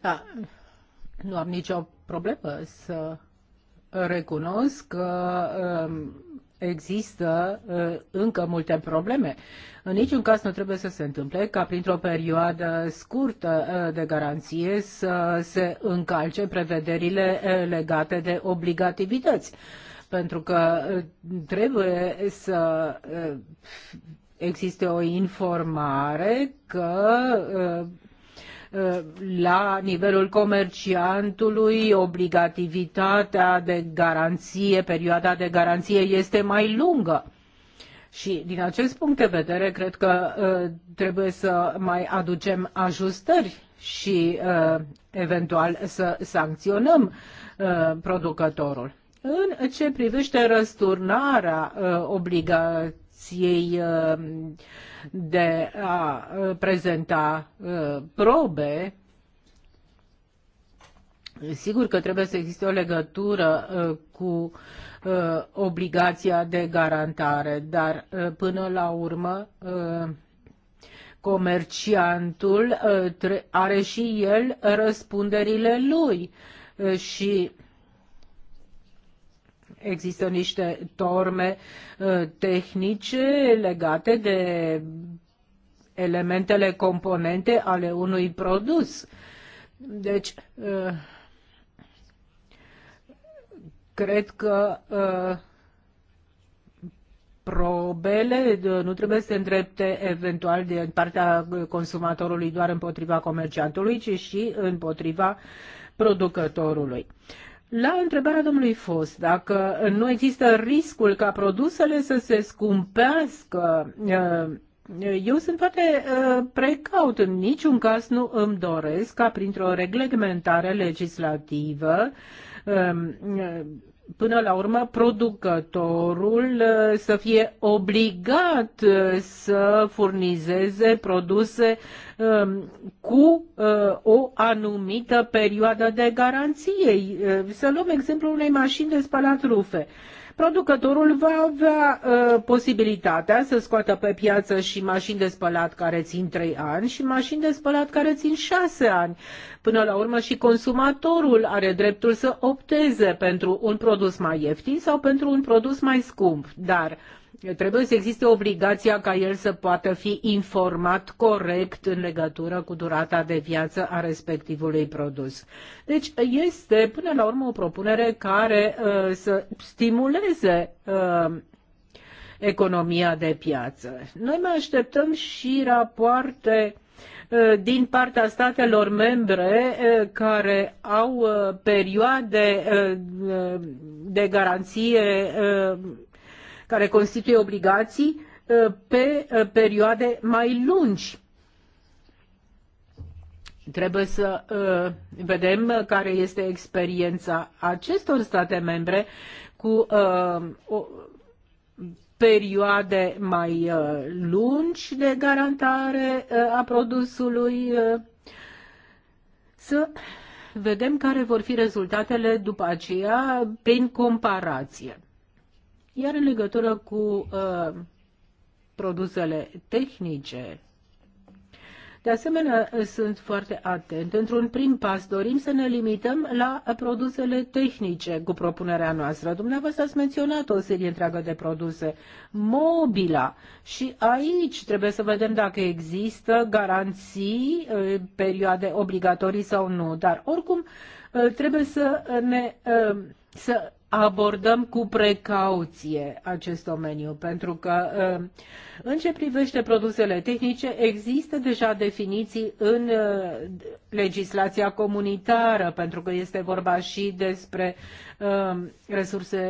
S1: Da, nu am nicio problemă să recunosc că um, există uh, încă multe probleme. În niciun caz nu trebuie să se întâmple ca printr-o perioadă scurtă uh, de garanție să se încalce prevederile uh, legate de obligativități. Pentru că trebuie să existe o informare că la nivelul comerciantului obligativitatea de garanție, perioada de garanție este mai lungă. Și din acest punct de vedere, cred că uh, trebuie să mai aducem ajustări și uh, eventual să sancționăm uh, producătorul. În ce privește răsturnarea obligației de a uh, prezenta uh, probe, Sigur că trebuie să existe o legătură uh, cu obligația de garantare, dar până la urmă comerciantul are și el răspunderile lui și există niște norme uh, tehnice legate de elementele componente ale unui produs. Deci, uh, cred că uh, probele nu trebuie să se îndrepte eventual din partea consumatorului doar împotriva comerciantului, ci și împotriva producătorului. Uh, la întrebarea domnului Fost, dacă nu există riscul ca produsele să se scumpească, uh, eu sunt foarte uh, precaut, în niciun caz nu îmi doresc ca printr-o reglementare legislativă um, uh, până la urmă producătorul uh, să fie obligat uh, să furnizeze produse um, cu uh, o anumită perioadă de garanție. Să luăm exemplul unei mașini de spălat rufe producătorul va avea uh, posibilitatea să scoată pe piață și mașini de spălat care țin 3 ani și mașini de spălat care țin 6 ani. Până la urmă și consumatorul are dreptul să opteze pentru un produs mai ieftin sau pentru un produs mai scump, dar uh, trebuie să existe obligația ca el să poată fi informat corect în legătură cu durata de viață a respectivului produs. Deci este până la urmă o propunere care uh, să stimuleze uh, economia de piață. Noi mai așteptăm și rapoarte uh, din partea statelor membre uh, care au uh, perioade de garanție care constituie obligații uh, pe uh, perioade mai lungi. Trebuie să uh, vedem care este experiența acestor state membre cu perioade mai lungi de garantare a produsului. să vedem care vor fi rezultatele după aceea prin comparație. Iar în legătură cu uh, produsele tehnice, de asemenea, uh, sunt foarte atent. Într-un prim pas dorim să ne limităm la uh, produsele tehnice cu propunerea noastră. Dumneavoastră ați menționat o serie întreagă de produse. Mobila. Și aici trebuie să vedem dacă există garanții, uh, perioade obligatorii sau nu. Dar oricum trebuie să ne să abordăm cu precauție acest domeniu, pentru că uh, în ce privește produsele tehnice există deja definiții în uh, legislația comunitară, pentru că este vorba și despre uh, resurse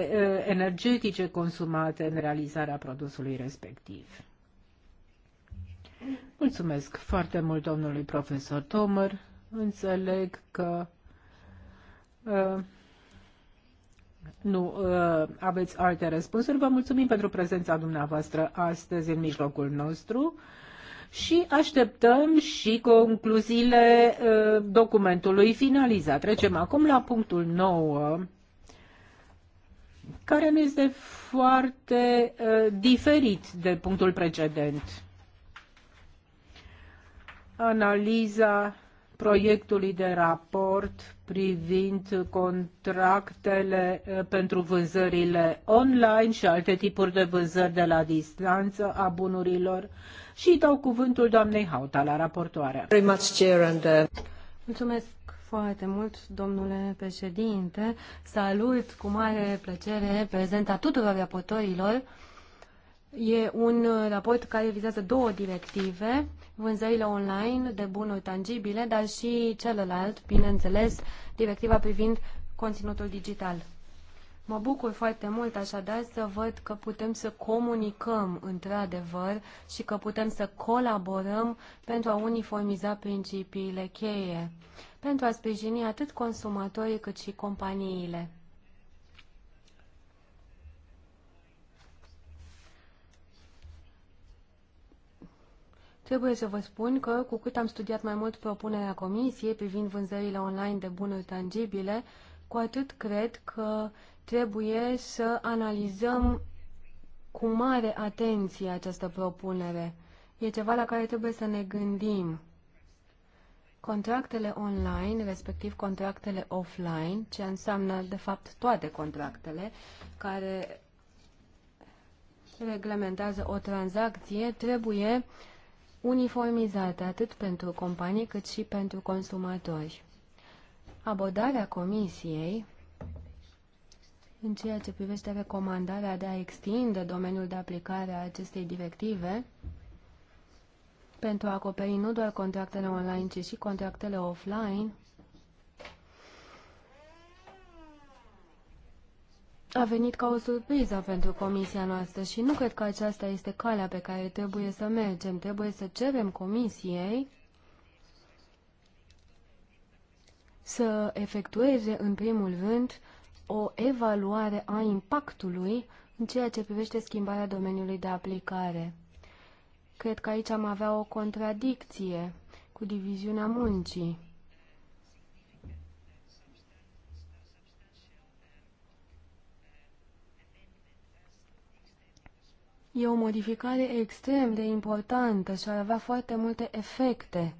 S1: energetice consumate în realizarea produsului respectiv. Mulțumesc foarte mult domnului profesor Tomer. Înțeleg că nu uh, aveți alte răspunsuri, vă mulțumim pentru prezența dumneavoastră astăzi în mijlocul nostru și așteptăm și concluziile uh, documentului finalizat. Trecem acum la punctul 9 care nu este foarte uh, diferit de punctul precedent. Analiza proiectului de raport privind contractele eh, pentru vânzările online și alte tipuri de vânzări de la distanță a bunurilor și dau cuvântul doamnei Hauta la raportoare.
S3: Uh, Mulțumesc foarte mult, domnule președinte. Salut cu mare plăcere prezenta tuturor raportorilor. E un uh, raport care vizează două directive vânzările online de bunuri tangibile, dar și celălalt, bineînțeles, directiva privind conținutul digital. Mă bucur foarte mult așadar să văd că putem să comunicăm într-adevăr și că putem să colaborăm pentru a uniformiza principiile cheie, pentru a sprijini atât consumatorii cât și companiile. Trebuie să vă spun că, cu cât am studiat mai mult propunerea Comisiei privind vânzările online de bunuri tangibile, cu atât cred că trebuie să analizăm cu mare atenție această propunere. E ceva la care trebuie să ne gândim. Contractele online, respectiv contractele offline, ce înseamnă, de fapt, toate contractele care reglementează o tranzacție, trebuie uh, uniformizate atât pentru companii cât și pentru consumatori. Abordarea Comisiei în ceea ce privește recomandarea de a extinde domeniul de aplicare a acestei directive pentru a acoperi nu doar contractele online, ci și contractele offline, a venit ca o surpriză pentru comisia noastră și nu cred că aceasta este calea pe care trebuie să mergem. Trebuie să cerem comisiei să efectueze în primul rând o evaluare a impactului în ceea ce privește schimbarea domeniului de aplicare. Cred că aici am avea o contradicție cu diviziunea muncii. E o modificare extrem de importantă și ar avea foarte multe efecte.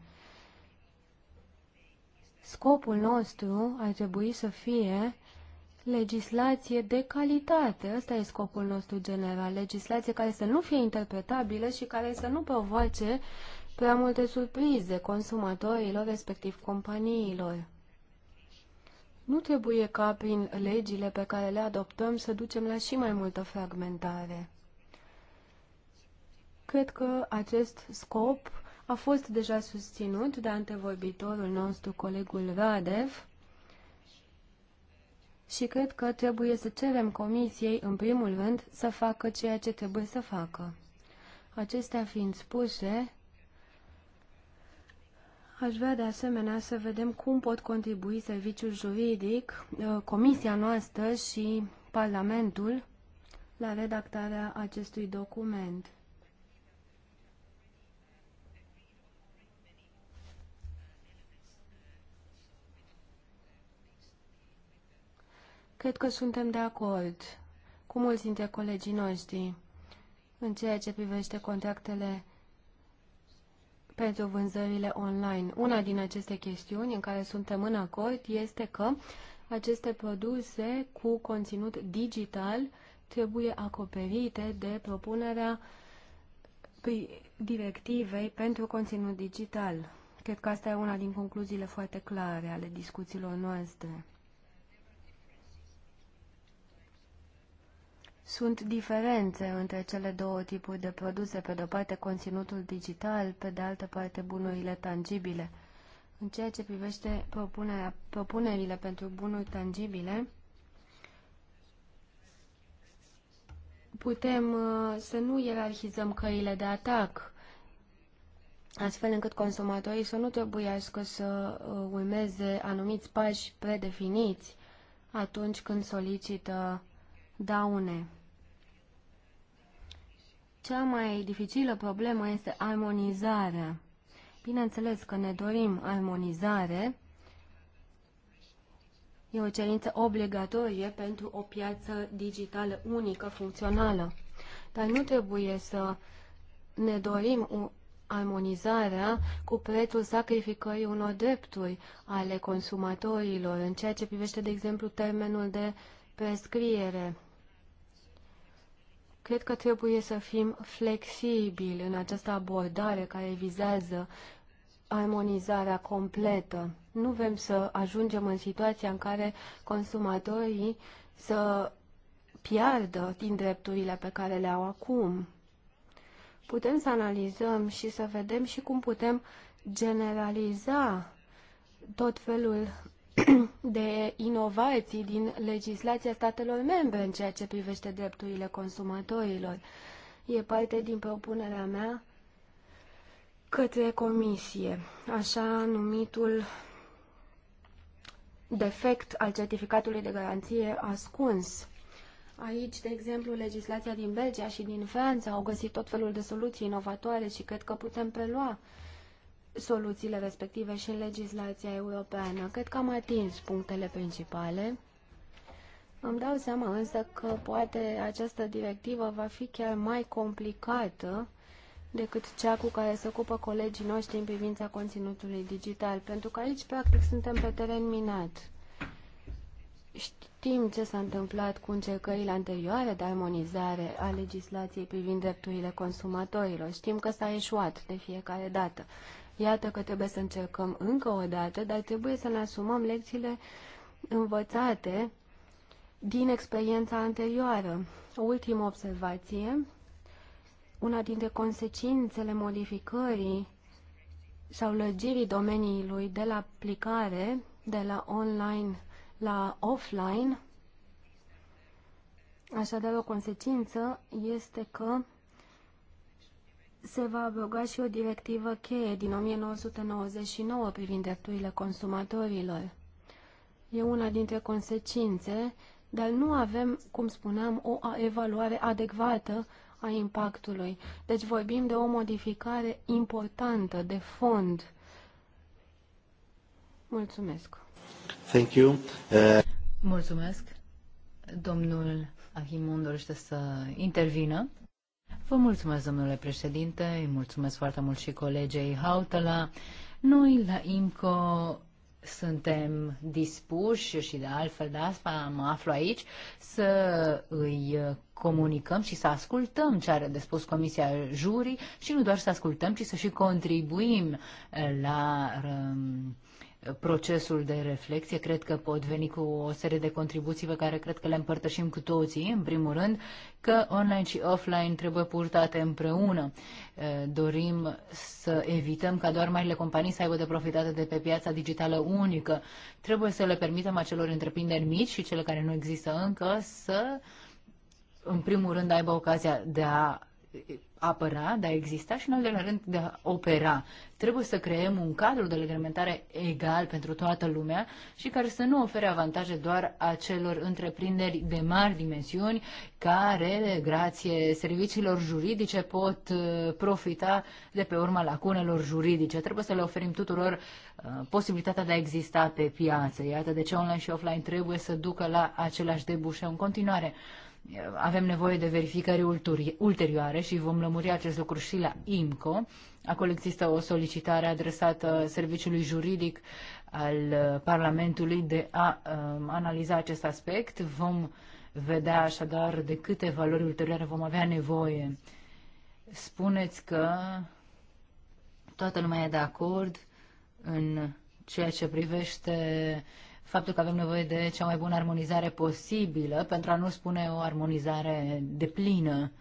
S3: Scopul nostru ar trebui să fie legislație de calitate. Ăsta e scopul nostru general. Legislație care să nu fie interpretabilă și care să nu provoace prea multe surprize consumatorilor, respectiv companiilor. Nu trebuie ca prin legile pe care le adoptăm să ducem la și mai multă fragmentare. Cred că acest scop a fost deja susținut de antevorbitorul nostru, colegul Radev, și cred că trebuie să cerem comisiei, în primul rând, să facă ceea ce trebuie să facă. Acestea fiind spuse, aș vrea de asemenea să vedem cum pot contribui serviciul juridic, uh, comisia noastră și Parlamentul la redactarea acestui document. Cred că suntem de acord cu mulți dintre colegii noștri în ceea ce privește contractele pentru vânzările online. Una din aceste chestiuni în care suntem în acord este că aceste produse cu conținut digital trebuie acoperite de propunerea directivei pentru conținut digital. Cred că asta e una din concluziile foarte clare ale discuțiilor noastre. Sunt diferențe între cele două tipuri de produse, pe de-o parte conținutul digital, pe de altă parte bunurile tangibile. În ceea ce privește propunerea propunerile pentru bunuri tangibile, putem uh, să nu ierarhizăm căile de atac, astfel încât consumatorii să nu trebuiască să uh, urmeze anumiți pași predefiniți atunci când solicită daune. Cea mai dificilă problemă este armonizarea. Bineînțeles că ne dorim armonizare, e o cerință obligatorie pentru o piață digitală unică, funcțională. Dar nu trebuie să ne dorim o armonizarea cu prețul sacrificării unor drepturi ale consumatorilor, în ceea ce privește, de exemplu, termenul de prescriere Cred că trebuie să fim flexibili în această abordare care vizează armonizarea completă. Nu vrem să ajungem în situația în care consumatorii să piardă din drepturile pe care le au acum. Putem să analizăm și să vedem și cum putem generaliza tot felul de inovații din legislația statelor membre în ceea ce privește drepturile consumatorilor. E parte din propunerea mea către comisie, așa numitul defect al certificatului de garanție ascuns. Aici, de exemplu, legislația din Belgia și din Franța au găsit tot felul de soluții inovatoare și cred că putem prelua soluțiile respective și în legislația europeană. Cred că am atins punctele principale. Îmi dau seama însă că poate această directivă va fi chiar mai complicată decât cea cu care se ocupă colegii noștri în privința conținutului digital, pentru că aici practic suntem pe teren minat. Știm ce s-a întâmplat cu încercările anterioare de armonizare a legislației privind drepturile consumatorilor. Știm că s-a eșuat de fiecare dată. Iată că trebuie să încercăm încă o dată, dar trebuie să ne asumăm lecțiile învățate din experiența anterioară. O ultimă observație, una dintre consecințele modificării sau lăgirii domeniului de la aplicare, de la online la offline, așadar o consecință este că se va abroga și o directivă cheie din 1999 privind drepturile consumatorilor. E una dintre consecințe, dar nu avem, cum spuneam, o evaluare adecvată a impactului. Deci vorbim de o modificare importantă, de fond. Mulțumesc. Thank you. Uh...
S2: Mulțumesc. Domnul Ahimon dorește să intervină. Vă mulțumesc, domnule președinte, îi mulțumesc foarte mult și colegei Hautala. Noi la IMCO suntem dispuși și de altfel de asta mă aflu aici să îi comunicăm și să ascultăm ce are de spus Comisia Jurii și nu doar să ascultăm, ci să și contribuim la um, procesul de reflexie. Cred că pot veni cu o serie de contribuții pe care cred că le împărtășim cu toții. În primul rând, că online și offline trebuie purtate împreună. Dorim să evităm ca doar marile companii să aibă de profitate de pe piața digitală unică. Trebuie să le permitem acelor întreprinderi mici și cele care nu există încă să în primul rând aibă ocazia de a apăra, de a exista și, în al doilea rând, de a opera. Trebuie să creăm un cadru de reglementare egal pentru toată lumea și care să nu ofere avantaje doar acelor întreprinderi de mari dimensiuni care, grație serviciilor juridice, pot uh, profita de pe urma lacunelor juridice. Trebuie să le oferim tuturor uh, posibilitatea de a exista pe piață. Iată de ce online și offline trebuie să ducă la același debușe în continuare avem nevoie de verificări ulterioare și vom lămuri acest lucru și la IMCO. Acolo există o solicitare adresată serviciului juridic al uh, Parlamentului de a um, analiza acest aspect. Vom vedea așadar de câte valori ulterioare vom avea nevoie. Spuneți că toată lumea e de acord în ceea ce privește faptul că avem nevoie de cea mai bună armonizare posibilă, pentru a nu spune o armonizare deplină.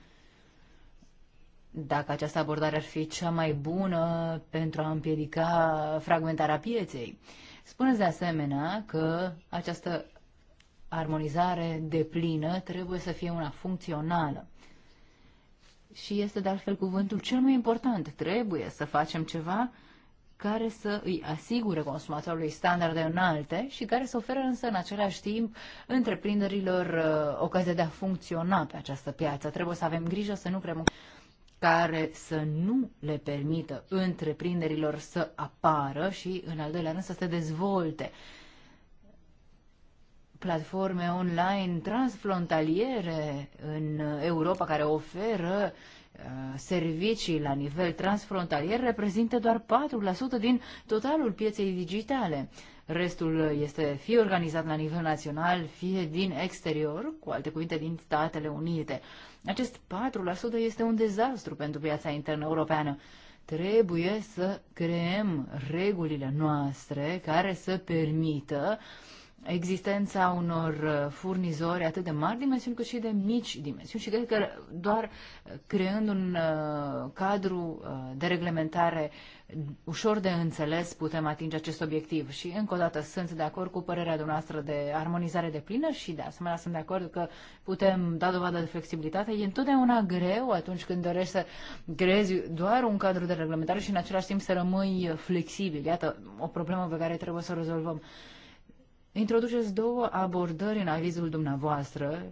S2: Dacă această abordare ar fi cea mai bună pentru a împiedica fragmentarea pieței. Spuneți de asemenea că această armonizare deplină trebuie să fie una funcțională. Și este de altfel cuvântul cel mai important. Trebuie să facem ceva care să îi asigure consumatorului standarde înalte și care să ofere însă în același timp întreprinderilor uh, ocazia de a funcționa pe această piață. Trebuie să avem grijă să nu creăm care să nu le permită întreprinderilor să apară și, în al doilea rând, să se dezvolte. Platforme online transfrontaliere în Europa care oferă uh, Uh, servicii la nivel transfrontalier reprezintă doar 4% din totalul pieței digitale. Restul este fie organizat la nivel național, fie din exterior, cu alte cuvinte din Statele Unite. Acest 4% este un dezastru pentru piața internă europeană. Trebuie să creăm regulile noastre care să permită uh, existența unor uh, furnizori atât de mari dimensiuni cât și de mici dimensiuni și cred că doar uh, creând un uh, cadru de reglementare ușor de înțeles putem atinge acest obiectiv și încă o dată sunt de acord cu părerea dumneavoastră de armonizare de plină și de asemenea sunt de acord că putem da dovadă de flexibilitate. E întotdeauna greu atunci când dorești să creezi doar un cadru de reglementare și în același timp să rămâi flexibil. Iată o problemă pe care trebuie să o rezolvăm introduceți două abordări în avizul dumneavoastră,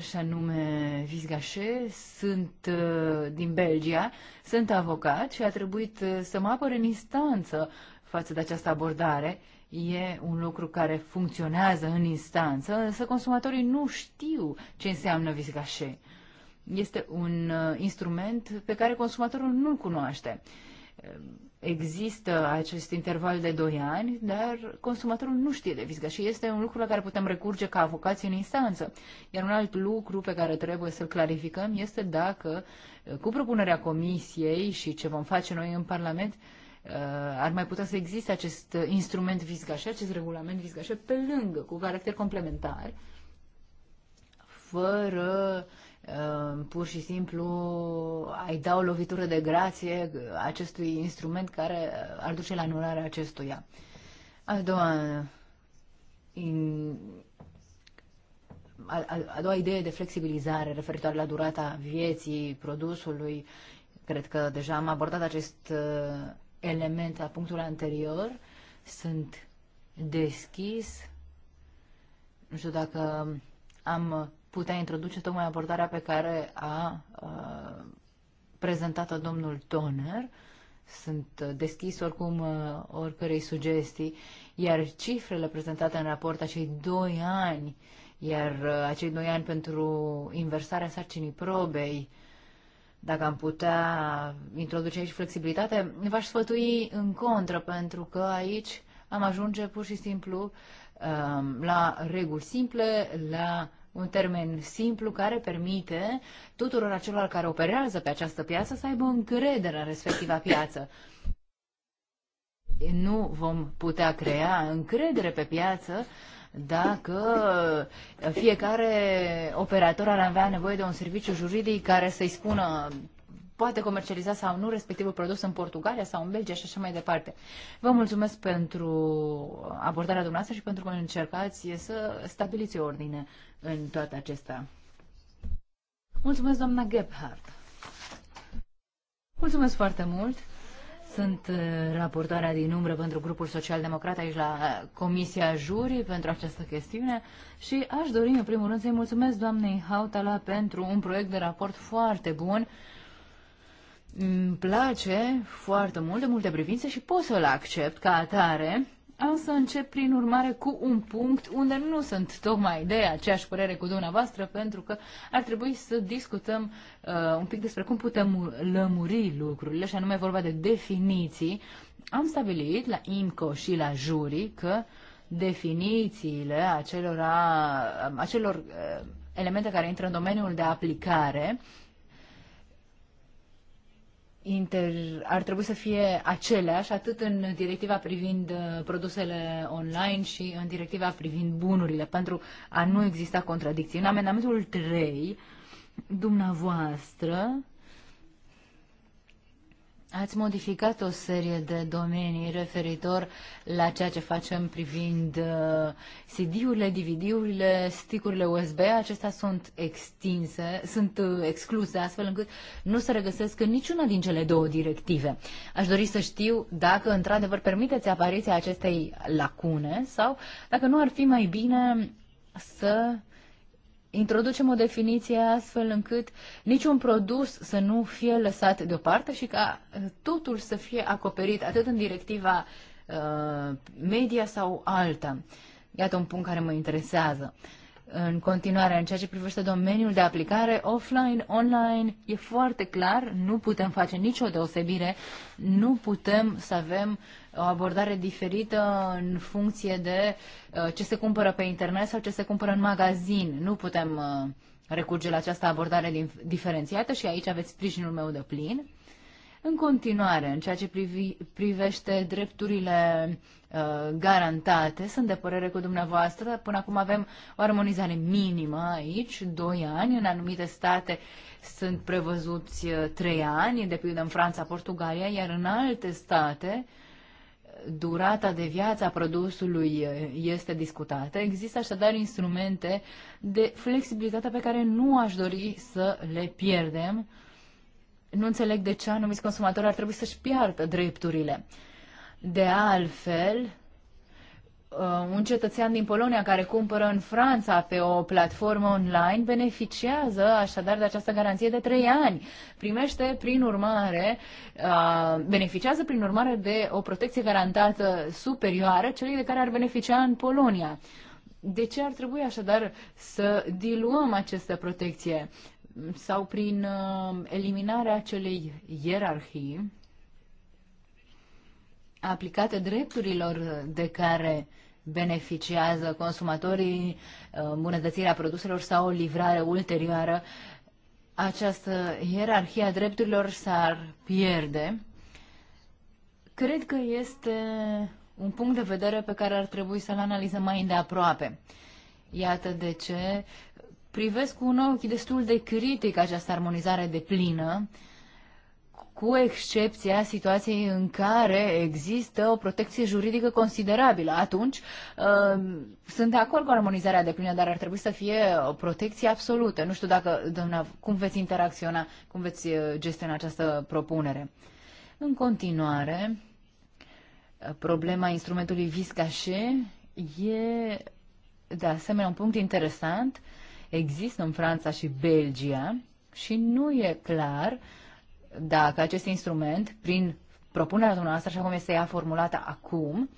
S2: și anume Vizgașe, sunt uh, din Belgia, sunt avocat și a trebuit uh, să mă apăr în instanță față de această abordare. E un lucru care funcționează în instanță, însă consumatorii nu știu ce înseamnă Vizgașe. Este un uh, instrument pe care consumatorul nu-l cunoaște există acest interval de 2 ani, dar consumatorul nu știe de vizgă și este un lucru la care putem recurge ca avocații în instanță. Iar un alt lucru pe care trebuie să-l clarificăm este dacă, cu propunerea comisiei și ce vom face noi în Parlament, uh, ar mai putea să existe acest instrument vizgașe, acest regulament vizgașe, pe lângă, cu caracter complementar, fără uh, Ehm, pur și simplu ai da o lovitură de grație acestui instrument care eh, ar duce la anularea acestuia. A doua, in, a, a, a doua idee de flexibilizare referitoare la durata vieții produsului, cred că deja am abordat acest eh, element la punctul anterior, sunt deschis. Nu știu dacă am putea introduce tocmai abordarea pe care a, uh, prezentat-o domnul Toner. Sunt deschis oricum oricărei sugestii, iar cifrele prezentate în raport, acei doi ani, iar acei doi ani pentru inversarea sarcinii probei, dacă am putea introduce aici flexibilitate, v-aș sfătui în contră, pentru că aici am ajunge pur și simplu la reguli simple, la un termen simplu care permite tuturor acelor care operează pe această piață să aibă încredere în respectiva piață. Nu vom putea crea încredere pe piață dacă fiecare operator ar avea nevoie de un serviciu juridic care să-i spună poate comercializa sau nu respectivul produs în Portugalia sau în Belgia și așa mai departe. Vă mulțumesc pentru abordarea dumneavoastră și pentru că încercați să stabiliți o ordine în toate acestea. Mulțumesc, doamna Gebhardt. Mulțumesc foarte mult. Sunt uh, raportoarea din umbră pentru grupul social-democrat aici la uh, Comisia Jurii pentru această chestiune și aș dori în primul rând să-i mulțumesc doamnei Hautala pentru un proiect de raport foarte bun îmi place foarte mult de multe privințe și pot să-l accept ca atare, am să încep prin urmare cu un punct unde nu sunt tocmai de aceeași părere cu dumneavoastră, pentru că ar trebui să discutăm uh, un pic despre cum putem lămuri lucrurile, și anume vorba de definiții. Am stabilit la IMCO și la juri că definițiile acelora, acelor uh, elemente care intră în domeniul de aplicare uh, inter, ar trebui să fie aceleași atât în directiva privind uh, produsele online și în directiva privind bunurile, pentru a nu exista contradicții. În amendamentul 3, dumneavoastră Ați modificat o serie de domenii referitor la ceea ce facem privind uh, CD-urile, DVD-urile, sticurile USB. Acestea sunt extinse, sunt uh, excluse, astfel încât nu se regăsesc în niciuna din cele două directive. Aș dori să știu dacă într-adevăr permiteți apariția acestei lacune sau dacă nu ar fi mai bine să introducem o definiție astfel încât niciun produs să nu fie lăsat deoparte și ca uh, totul să fie acoperit atât în directiva uh, media sau alta. Iată un punct care mă interesează. Uh, în continuare, în ceea ce privește domeniul de aplicare, offline, online, e foarte clar, nu putem face nicio deosebire, nu putem să avem o abordare diferită în funcție de uh, ce se cumpără pe internet sau ce se cumpără în magazin. Nu putem uh, recurge la această abordare diferențiată și aici aveți sprijinul meu de plin. În continuare, în ceea ce privi, privește drepturile uh, garantate, sunt de părere cu dumneavoastră, până acum avem o armonizare minimă aici, 2 ani, în anumite state sunt prevăzuți 3 uh, ani, de pildă în Franța, Portugalia, iar în alte state durata de viață a produsului uh, este discutată. Există așadar instrumente de flexibilitate pe care nu aș dori să le pierdem nu înțeleg de ce anumiți consumatori ar trebui să-și piardă drepturile. De altfel, uh, un cetățean din Polonia care cumpără în Franța pe o platformă online beneficiază așadar de această garanție de 3 ani. Primește prin urmare, uh, beneficiază prin urmare de o protecție garantată superioară celei de care ar beneficia în Polonia. De ce ar trebui așadar să diluăm această protecție? sau prin uh, eliminarea acelei ierarhii aplicate drepturilor de care beneficiază consumatorii, uh, îmbunătățirea produselor sau o livrare ulterioară, această ierarhie a drepturilor s-ar pierde. Cred că este un punct de vedere pe care ar trebui să-l analizăm mai îndeaproape. Iată de ce privesc cu un ochi destul de critic această armonizare de plină, cu excepția situației în care există o protecție juridică considerabilă. Atunci uh, sunt de acord cu armonizarea de plină, dar ar trebui să fie o protecție absolută. Nu știu dacă, doamna, cum veți interacționa, cum veți uh, gestiona această propunere. În continuare, problema instrumentului viscașe e de asemenea un punct interesant există în Franța și Belgia și nu e clar dacă acest instrument, prin propunerea dumneavoastră, așa cum este ea formulată acum,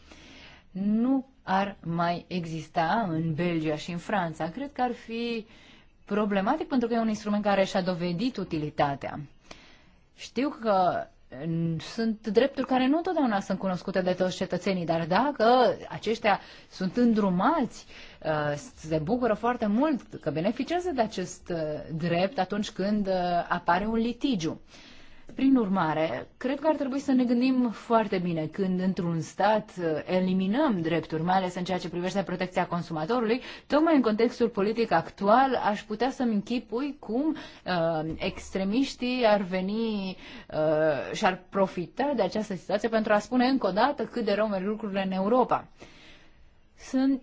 S2: nu ar mai exista în Belgia și în Franța. Cred că ar fi problematic pentru că e un instrument care și-a dovedit utilitatea. Știu că mm, sunt drepturi care nu întotdeauna sunt cunoscute de toți cetățenii, dar dacă aceștia sunt îndrumați uh, Uh, se bucură foarte mult că beneficiază de acest uh, drept atunci când uh, apare un litigiu. Prin urmare, cred că ar trebui să ne gândim foarte bine când într-un stat eliminăm drepturi, mai ales în ceea ce privește protecția consumatorului, tocmai în contextul politic actual aș putea să-mi închipui cum uh, extremiștii ar veni uh, și ar profita de această situație pentru a spune încă o dată cât de rău merg lucrurile în Europa. Sunt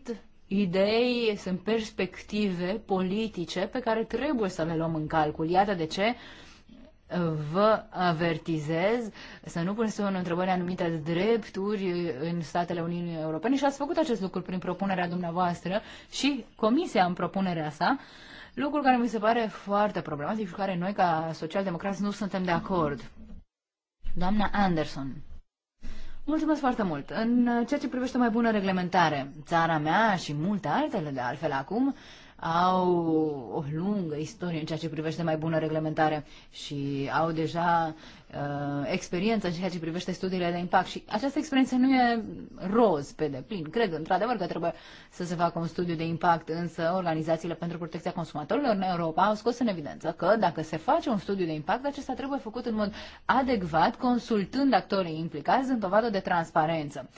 S2: idei, sunt perspective politice pe care trebuie să le luăm în calcul. Iată de ce uh, vă avertizez să nu puneți în întrebări anumite drepturi uh, în statele Uniunii Europene și ați făcut acest lucru prin propunerea dumneavoastră și Comisia în propunerea sa, lucru care mi se pare foarte problematic și cu care noi ca socialdemocrați nu suntem de acord. Doamna Anderson. Mulțumesc foarte mult. În uh, ceea ce privește mai bună reglementare, țara mea și multe altele de altfel acum au o lungă istorie în ceea ce privește mai bună reglementare și au deja uh, experiență în ceea ce privește studiile de impact și această experiență nu e roz pe deplin. Cred într-adevăr că trebuie să se facă un studiu de impact, însă organizațiile pentru protecția consumatorilor în Europa au scos în evidență că dacă se face un studiu de impact, acesta trebuie făcut în mod adecvat, consultând actorii implicați în dovadă de transparență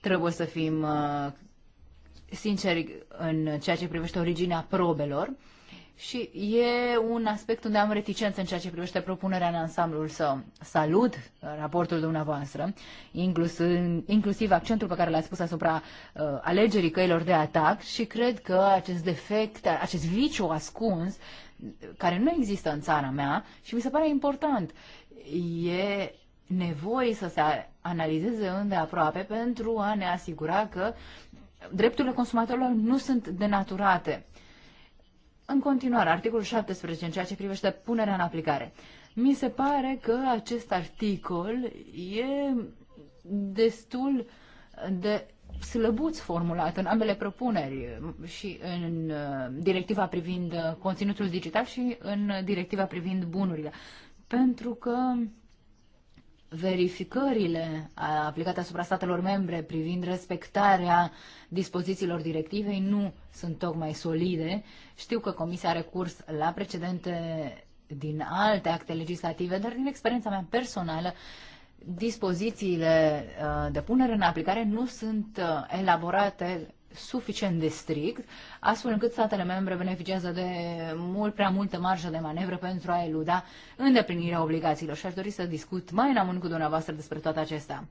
S2: trebuie să fim uh, sinceri în ceea ce privește originea probelor și e un aspect unde am reticență în ceea ce privește propunerea în ansamblul să Salut raportul dumneavoastră, inclusiv accentul pe care l-ați pus asupra uh, alegerii căilor de atac și cred că acest defect, acest viciu ascuns, care nu există în țara mea și mi se pare important, e nevoie să se analizeze îndeaproape pentru a ne asigura că drepturile consumatorilor nu sunt denaturate. În continuare, articolul 17, în ceea ce privește punerea în aplicare. Mi se pare că acest articol e destul de slăbuț formulat în ambele propuneri și în uh, directiva privind uh, conținutul digital și în directiva privind bunurile. Pentru că verificările aplicate asupra statelor membre privind respectarea dispozițiilor directivei nu sunt tocmai solide. Știu că Comisia are curs la precedente din alte acte legislative, dar din experiența mea personală, dispozițiile de punere în aplicare nu sunt elaborate suficient de strict, astfel încât statele membre beneficiază de mult prea multă marjă de manevră pentru a eluda îndeplinirea obligațiilor. Și aș dori să discut mai în amănunt cu dumneavoastră despre toate acestea.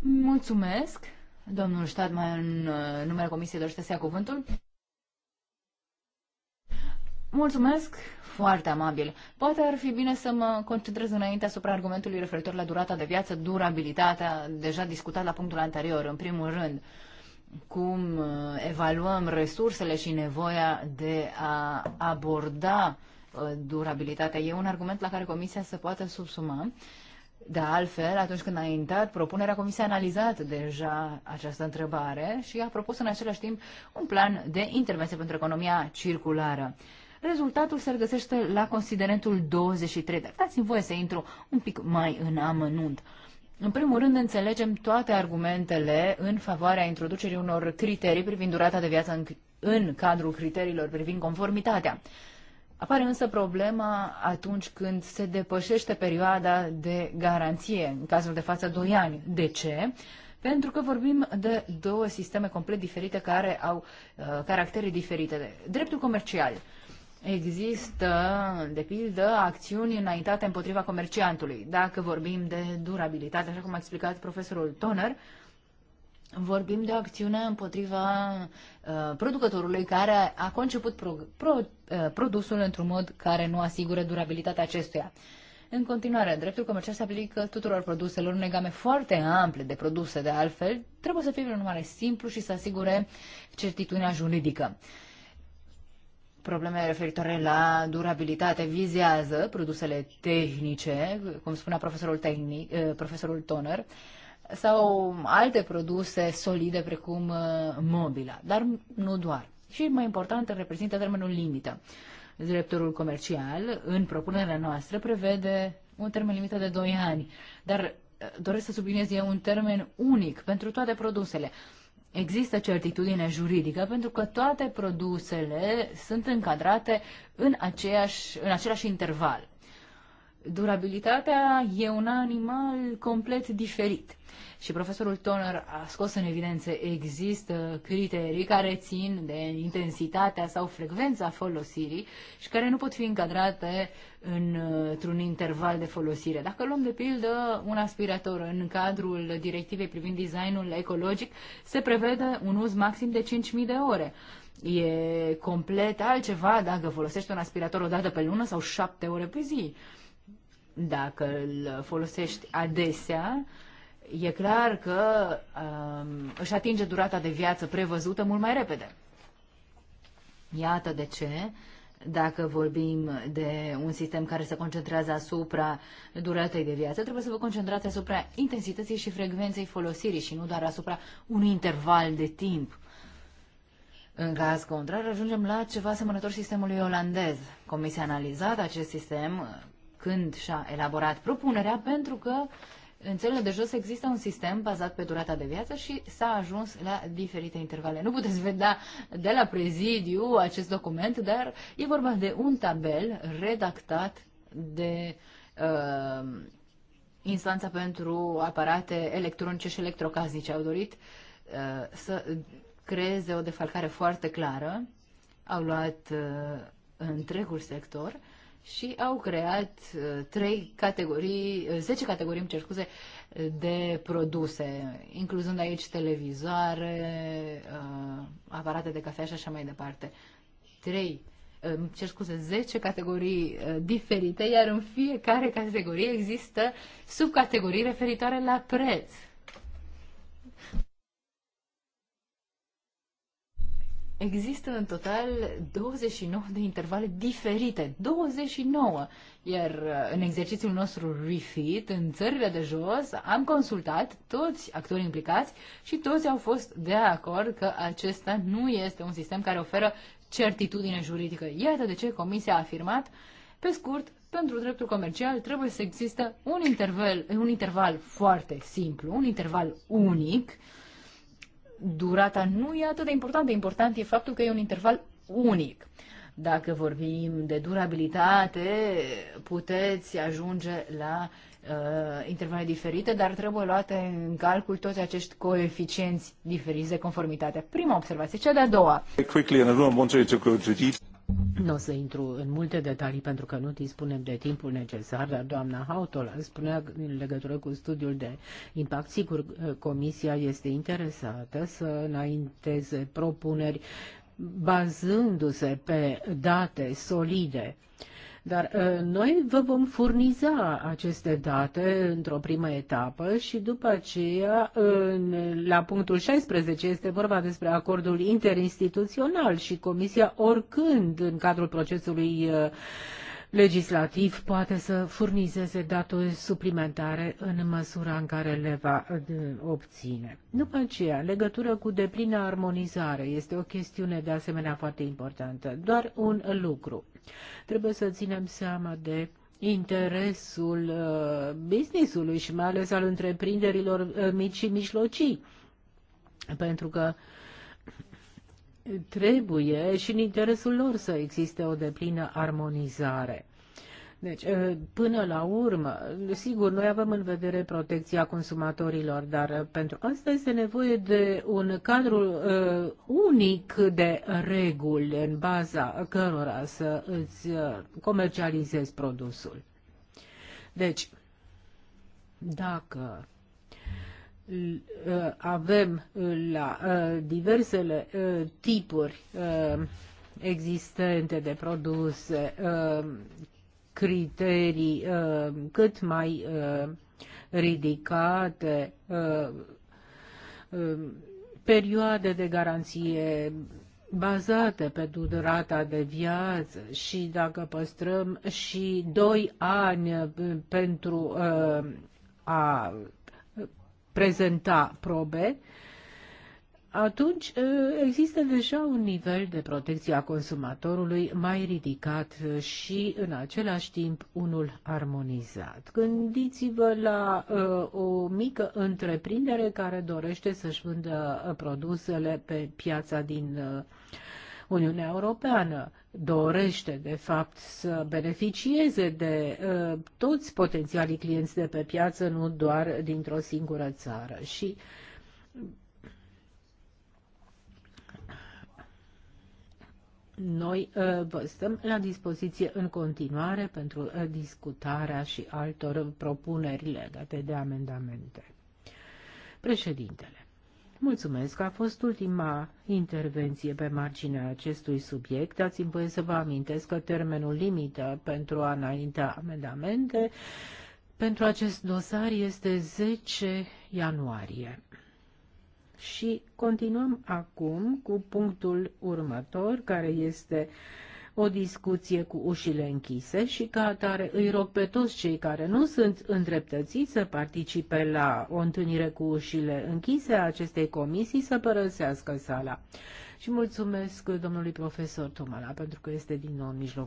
S2: Mulțumesc! Domnul Stadman, în numele Comisiei, dorește să ia cuvântul. Mulțumesc, foarte amabil. Poate ar fi bine să mă concentrez înainte asupra argumentului referitor la durata de viață, durabilitatea, deja discutat la punctul anterior, în primul rând cum uh, evaluăm resursele și nevoia de a aborda uh, durabilitatea. E un argument la care Comisia se poate subsuma. De altfel, atunci când a intrat propunerea, Comisia a analizat deja această întrebare și a propus în același timp un plan de intervenție pentru economia circulară. Rezultatul se regăsește la considerentul 23, dar dați-mi voie să intru un pic mai în amănunt. În primul rând, înțelegem toate argumentele în favoarea introducerii unor criterii privind durata de viață în, în cadrul criteriilor privind conformitatea. Apare însă problema atunci când se depășește perioada de garanție, în cazul de față 2 ani. De ce? Pentru că vorbim de două sisteme complet diferite care au uh, caractere diferite. Dreptul comercial. Uh, Există, de pildă, acțiuni înaintate împotriva comerciantului. Dacă vorbim de durabilitate, așa cum a explicat profesorul Toner, vorbim de o acțiune împotriva uh, producătorului care a, conceput pro, pro, uh, produsul într-un mod care nu asigură durabilitatea acestuia. În continuare, dreptul comercial se aplică tuturor produselor în game foarte ample de produse, de altfel, trebuie să fie un mare simplu și să asigure certitudinea juridică. Uh, Problemele referitoare la durabilitate vizează produsele tehnice, cum spunea profesorul, tehnic, eh, profesorul Toner, sau alte produse solide precum eh, mobila, dar nu doar. Și mai important reprezintă termenul limită. Directorul comercial, în propunerea noastră, prevede un termen limită de 2 ani, dar eh, doresc să subliniez, e un termen unic pentru toate produsele există certitudine juridică pentru că toate produsele sunt încadrate în, aceeași, în același interval. Durabilitatea e un animal complet diferit. Și profesorul Toner a scos în evidență există criterii care țin de intensitatea sau frecvența folosirii și care nu pot fi încadrate într-un interval de folosire. Dacă luăm de pildă un aspirator în cadrul directivei privind designul ecologic, se prevede un uz maxim de 5.000 de ore. E complet altceva dacă folosești un aspirator o dată pe lună sau șapte ore pe zi. Uh, dacă îl folosești adesea, e clar că um, își atinge durata de viață prevăzută mult mai repede. Iată de ce, dacă vorbim de un sistem care se concentrează asupra duratei de viață, trebuie să vă concentrați asupra intensității și frecvenței folosirii și nu doar asupra unui interval de timp. În caz contrar, ajungem la ceva asemănător sistemului olandez. Comisia a analizat acest sistem când și-a elaborat propunerea, pentru că în țările de jos există un sistem bazat pe durata de viață și s-a ajuns la diferite intervale. Nu puteți vedea de la prezidiu acest document, dar e vorba de un tabel redactat de uh, instanța pentru aparate electronice și electrocasnice. Au dorit uh, să creeze o defalcare foarte clară. Au luat uh, întregul sector și au creat uh, trei categorii, 10 uh, categorii, îmi cer scuze, de produse, incluzând aici televizoare, uh, aparate de cafea și așa mai departe. 3 îmi cer scuze, 10 categorii diferite, iar în fiecare categorie există subcategorii referitoare la preț. Există în total 29 de intervale diferite, 29, iar uh, în exercițiul nostru refit, în țările de jos, am consultat toți actorii implicați și toți au fost de acord că acesta nu este un sistem care oferă certitudine juridică. Iată de ce Comisia a afirmat, pe scurt, pentru dreptul comercial trebuie să există un interval, un interval foarte simplu, un interval unic, durata nu e atât de importantă. Important e faptul că e un interval unic. Dacă vorbim de durabilitate, puteți ajunge la uh, intervale diferite, dar trebuie luate în calcul toți acești coeficienți diferiți de conformitate. Prima observație, cea de-a doua.
S1: Nu o să intru în multe detalii pentru că nu dispunem de timpul necesar, dar doamna Hautola spunea în legătură cu studiul de impact, sigur, comisia este interesată să înainteze propuneri bazându-se pe date solide dar uh, noi vă vom furniza aceste date într-o primă etapă și după aceea, în, la punctul 16, este vorba despre acordul interinstituțional și Comisia oricând în cadrul procesului uh, legislativ poate să furnizeze date suplimentare în măsura în care le va obține. După aceea, legătură cu deplină armonizare, este o chestiune de asemenea foarte importantă. Doar un lucru. Trebuie să ținem seama de interesul uh, businessului și mai ales al întreprinderilor uh, mici și mijlocii. Pentru că uh, trebuie și în interesul lor să existe o deplină armonizare. Deci, eh, până la urmă, sigur, noi avem în vedere protecția consumatorilor, dar eh, pentru asta este nevoie de un cadru uh, unic de reguli în baza cărora să îți comercializezi produsul. Deci, dacă Uh, avem uh, la uh, diversele tipuri existente de produse criterii cât mai ridicate, perioade de garanție bazate pe durata de viață și dacă păstrăm și 2 ani pentru a prezenta probe, atunci există deja un nivel de protecție a consumatorului mai ridicat și în același timp unul armonizat. Gândiți-vă la uh, o mică întreprindere care dorește să-și vândă produsele pe piața din uh, Uniunea Europeană dorește, de fapt, să beneficieze de uh, toți potențialii clienți de pe piață, nu doar dintr-o singură țară. Și Noi uh, vă stăm la dispoziție în continuare pentru uh, discutarea și altor propuneri legate de amendamente. Președintele. Mulțumesc, a fost ultima intervenție pe marginea acestui subiect. Dați-mi voie să vă amintesc că termenul limită pentru a înainta amendamente pentru acest dosar este 10 ianuarie. Și continuăm acum cu punctul următor, care este o discuție cu ușile închise și ca atare îi rog pe toți cei care nu sunt îndreptățiți să participe la o întâlnire cu ușile închise a acestei comisii să părăsească sala. Și mulțumesc domnului profesor Tomala pentru că este din nou în mijloc.